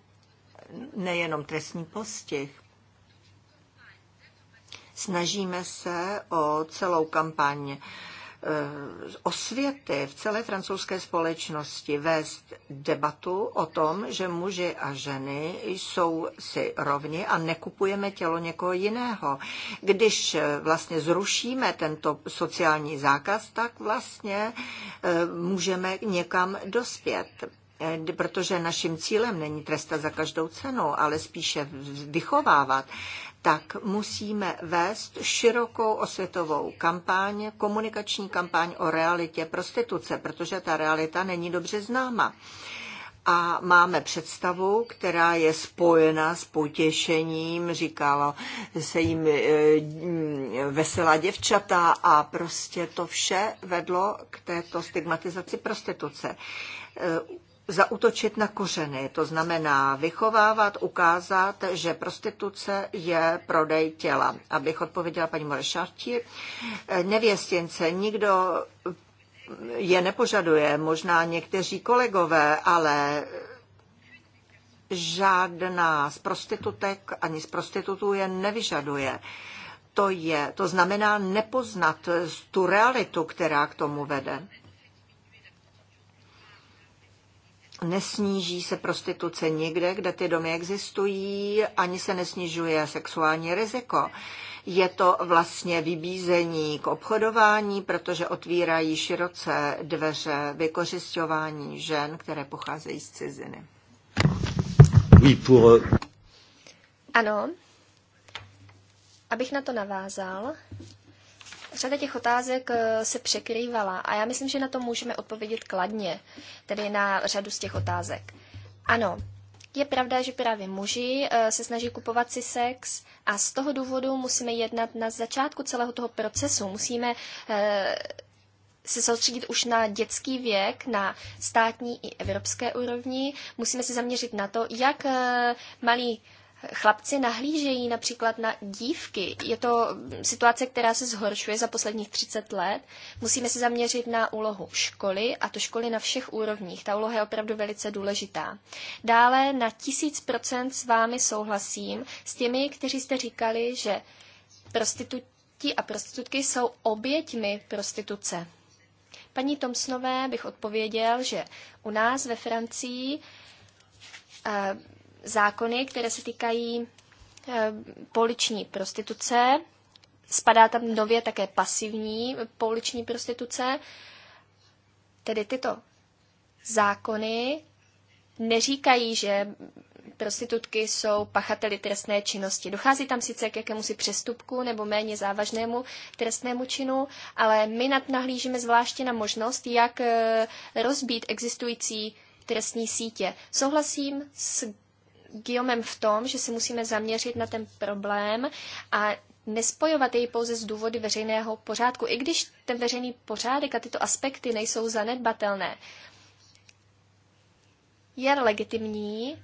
nejenom trestní postih. Snažíme se o celou kampaň Eh, osvěty v celé francouzské společnosti vést debatu o tom, že muži a ženy jsou si rovni a nekupujeme tělo někoho jiného. Když eh, vlastně zrušíme tento sociální zákaz, tak vlastně eh, můžeme někam dospět protože naším cílem není trestat za každou cenu, ale spíše vychovávat tak musíme vést širokou osvětovou kampaň, komunikační kampaň o realitě prostituce, protože ta realita není dobře známa a máme představu, která je spojena s potěšením, říkalo se jim e, mm, veselá děvčata a prostě to vše vedlo k této stigmatizaci prostituce e, zautočit na kořeny, to znamená vychovávat, ukázat, že prostituce je prodej těla. Abych odpověděla paní Morešarti, nevěstince nikdo je nepožaduje, možná někteří kolegové, ale žádná z prostitutek ani z prostitutů je nevyžaduje to je. To znamená nepoznat tu realitu, která k tomu vede. nesníží se prostituce nikde, kde ty domy existují, ani se nesnižuje sexuální riziko. Je to vlastně vybízení k obchodování, protože otvírají široce dveře vykořišťování žen, které pocházejí z ciziny. Euh, ano, abych na to navázal, Řada těch otázek eh, se překrývala a já myslím, že na to můžeme odpovědět kladně, tedy na řadu z těch otázek. Ano, je pravda, že právě muži eh, se snaží kupovat si sex a z toho důvodu musíme jednat na začátku celého toho procesu. Musíme eh, se soustředit už na dětský věk, na státní i evropské úrovni. Musíme se zaměřit na to, jak malí Chlapci nahlížejí například na dívky. Je to situace, která se zhoršuje za posledních 30 let. Musíme se zaměřit na úlohu školy, a to školy na všech úrovních. Ta úloha je opravdu velice důležitá. Dále na tisíc procent s vámi souhlasím s těmi, kteří jste říkali, že prostituti a prostitutky jsou oběťmi prostituce. Paní Tomsnové bych odpověděl, že u nás ve Francii eh, zákony, které se týkají eh, poliční prostituce. Spadá tam nově také pasivní poliční prostituce. Tedy tyto zákony neříkají, že prostitutky jsou pachateli trestné činnosti. Dochází tam sice k si přestupku nebo méně závažnému trestnému činu, ale my nahlížíme zvláště na možnost, jak eh, rozbít existující trestní sítě. Souhlasím s Guillaumem v tom, že se musíme zaměřit na ten problém a nespojovat jej pouze z důvody veřejného pořádku, i když ten veřejný pořádek a tyto aspekty nejsou zanedbatelné. Je legitimní,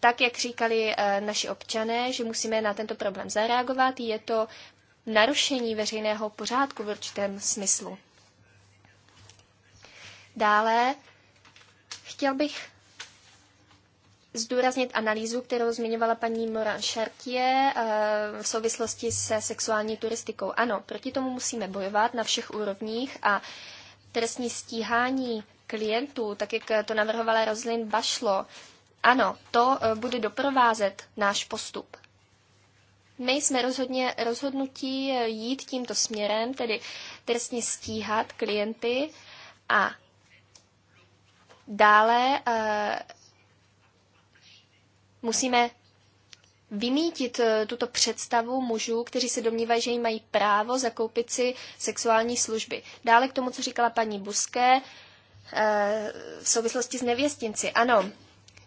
tak jak říkali eh, naši občané, že musíme na tento problém zareagovat, je to narušení veřejného pořádku v určitém smyslu. Dále chtěl bych zdůraznit analýzu, kterou zmiňovala paní Mora Chartier eh, v souvislosti se sexuální turistikou. Ano, proti tomu musíme bojovat na všech úrovních a trestní stíhání klientů, tak jak to navrhovala Roslyn Bašlo, ano, to eh, bude doprovázet náš postup. My jsme rozhodně rozhodnutí eh, jít tímto směrem, tedy trestně stíhat klienty a dále Musíme vymítit eh, tuto představu mužů, kteří se domnívají, že jim mají právo zakoupit si sexuální služby. Dále k tomu, co říkala paní Buské eh, v souvislosti s nevěstinci. Ano,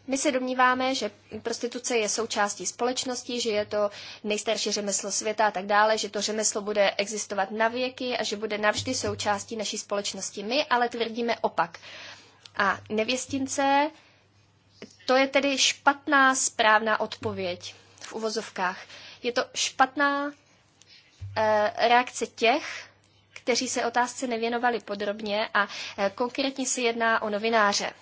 my se domníváme, že prostituce je součástí společnosti, že je to nejstarší řemeslo světa a tak dále, že to řemeslo bude existovat na věky a že bude navždy součástí naší společnosti. My ale tvrdíme opak. A nevěstince to je tedy špatná správná odpověď v uvozovkách. Je to špatná e, reakce těch, kteří se otázce nevěnovali podrobně a e, konkrétně se jedná o novináře.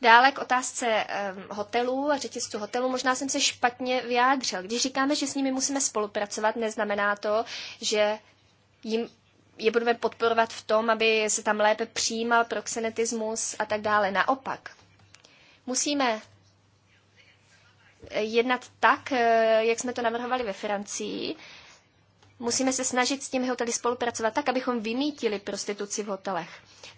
Dále k otázce ehm, hotelů a řetězců hotelů. Možná jsem se špatně vyjádřil. Když říkáme, že s nimi musíme spolupracovat, neznamená to, že jim je budeme podporovat v tom, aby se tam lépe přijímal proxenetismus a tak dále. Naopak, Musíme jednat tak, eh, jak jsme to navrhovali ve Francii. Musíme se snažit s těmi hotely spolupracovat tak, abychom vymítili prostituci v hotelech.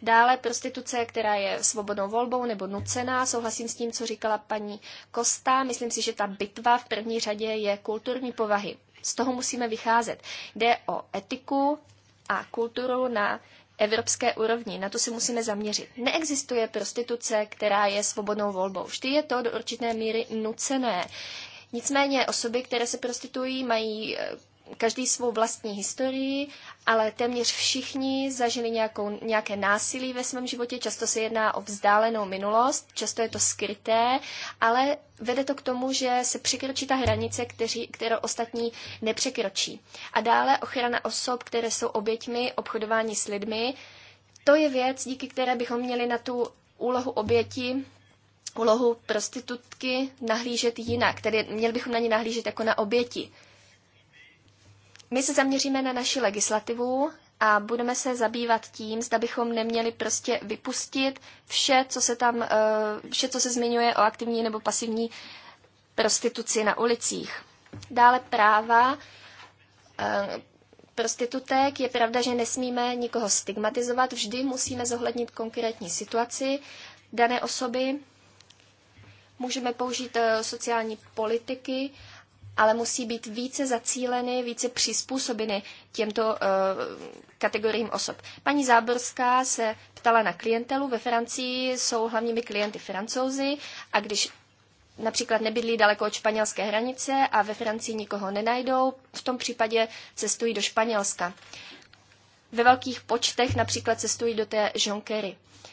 Dále prostituce, která je svobodnou volbou nebo nucená. Souhlasím s tím, co říkala paní Kosta. Myslím si, že ta bitva v první řadě je kulturní povahy. Z toho musíme vycházet. Jde o etiku a kulturu na evropské úrovni. Na to se musíme zaměřit. Neexistuje prostituce, která je svobodnou volbou. Vždy je to do určité míry nucené. Nicméně osoby, které se prostitují, mají eh, každý svou vlastní historii, ale téměř všichni zažili nějakou, nějaké násilí ve svém životě. Často se jedná o vzdálenou minulost, často je to skryté, ale vede to k tomu, že se překročí ta hranice, kteří, kterou ostatní nepřekročí. A dále ochrana osob, které jsou oběťmi obchodování s lidmi. To je věc, díky které bychom měli na tu úlohu oběti úlohu prostitutky nahlížet jinak, tedy měli bychom na ně nahlížet jako na oběti. My se zaměříme na naši legislativu a budeme se zabývat tím, zda bychom neměli prostě vypustit vše, co se tam, eh, vše, co se zmiňuje o aktivní nebo pasivní prostituci na ulicích. Dále práva eh, prostitutek. Je pravda, že nesmíme nikoho stigmatizovat, vždy musíme zohlednit konkrétní situaci dané osoby. Můžeme použít eh, sociální politiky ale musí být více zacíleny, více přizpůsobeny těmto uh, kategoriím osob. Paní Záborská se ptala na klientelu. Ve Francii jsou hlavními klienty francouzi a když například nebydlí daleko od španělské hranice a ve Francii nikoho nenajdou, v tom případě cestují do Španělska. Ve velkých počtech například cestují do té Jonquery. Uh,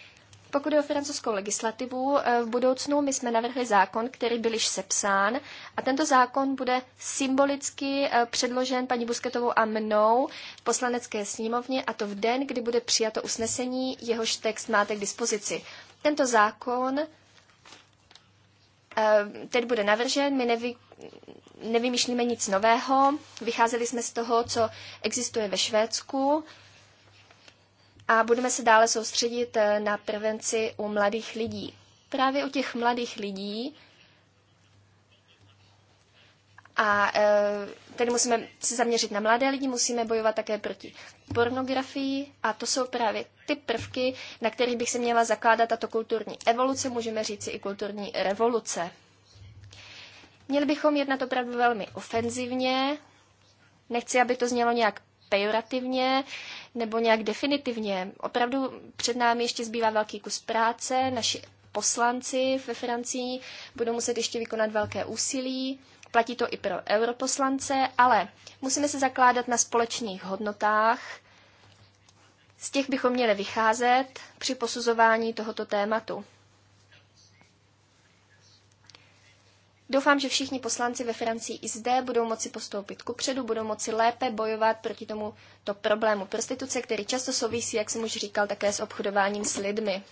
pokud je o francouzskou legislativu, eh, v budoucnu my jsme navrhli zákon, který byl již sepsán a tento zákon bude symbolicky eh, předložen paní Busketovou a mnou v poslanecké sněmovně a to v den, kdy bude přijato usnesení, jehož text máte k dispozici. Tento zákon eh, teď bude navržen, my nevy, nevymýšlíme nic nového, vycházeli jsme z toho, co existuje ve Švédsku, a budeme se dále soustředit eh, na prevenci u mladých lidí. Právě u těch mladých lidí a eh, tedy musíme se zaměřit na mladé lidi, musíme bojovat také proti pornografii a to jsou právě ty prvky, na kterých bych se měla zakládat tato kulturní evoluce, můžeme říci i kulturní revoluce. Měli bychom jednat opravdu velmi ofenzivně, nechci, aby to znělo nějak pejorativně nebo nějak definitivně. Opravdu před námi ještě zbývá velký kus práce. Naši poslanci ve Francii budou muset ještě vykonat velké úsilí. Platí to i pro europoslance, ale musíme se zakládat na společných hodnotách. Z těch bychom měli vycházet při posuzování tohoto tématu. Doufám, že všichni poslanci ve Francii i zde budou moci postoupit ku předu, budou moci lépe bojovat proti tomuto problému prostituce, který často souvisí, jak jsem už říkal, také s obchodováním s lidmi.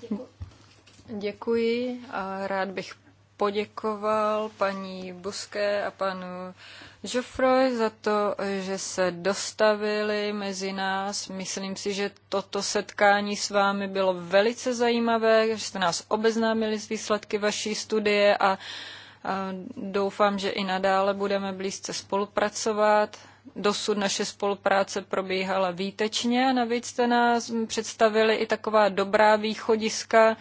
Děkuji. Děkuji a rád bych poděkoval paní Buské a panu Joffroy za to, že se dostavili mezi nás. Myslím si, že toto setkání s vámi bylo velice zajímavé, že jste nás obeznámili s výsledky vaší studie a, doufám, že i nadále budeme blízce spolupracovat. Dosud naše spolupráce probíhala výtečně a navíc jste nás představili i taková dobrá východiska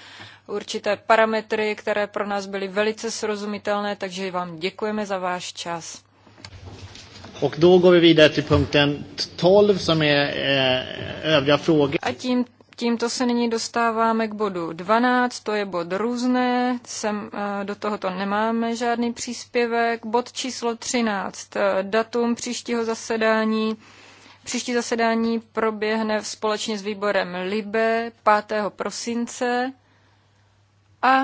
určité parametry, které pro nás byly velice srozumitelné, takže vám děkujeme za váš čas. Och då går vi vidare till punkten 12 som är eh, övriga frågor. A tím, tímto se nyní dostáváme k bodu 12, to je bod různé, sem, eh, do tohoto nemáme žádný příspěvek. Bod číslo 13, eh, datum příštího zasedání. Příští zasedání proběhne společně s výborem LIBE 5. prosince a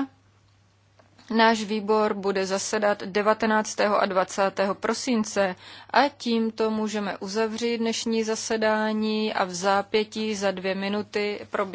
Náš výbor bude zasedat 19. a 20. prosince a tímto můžeme uzavřít dnešní zasedání a v zápětí za dvě minuty proběhne.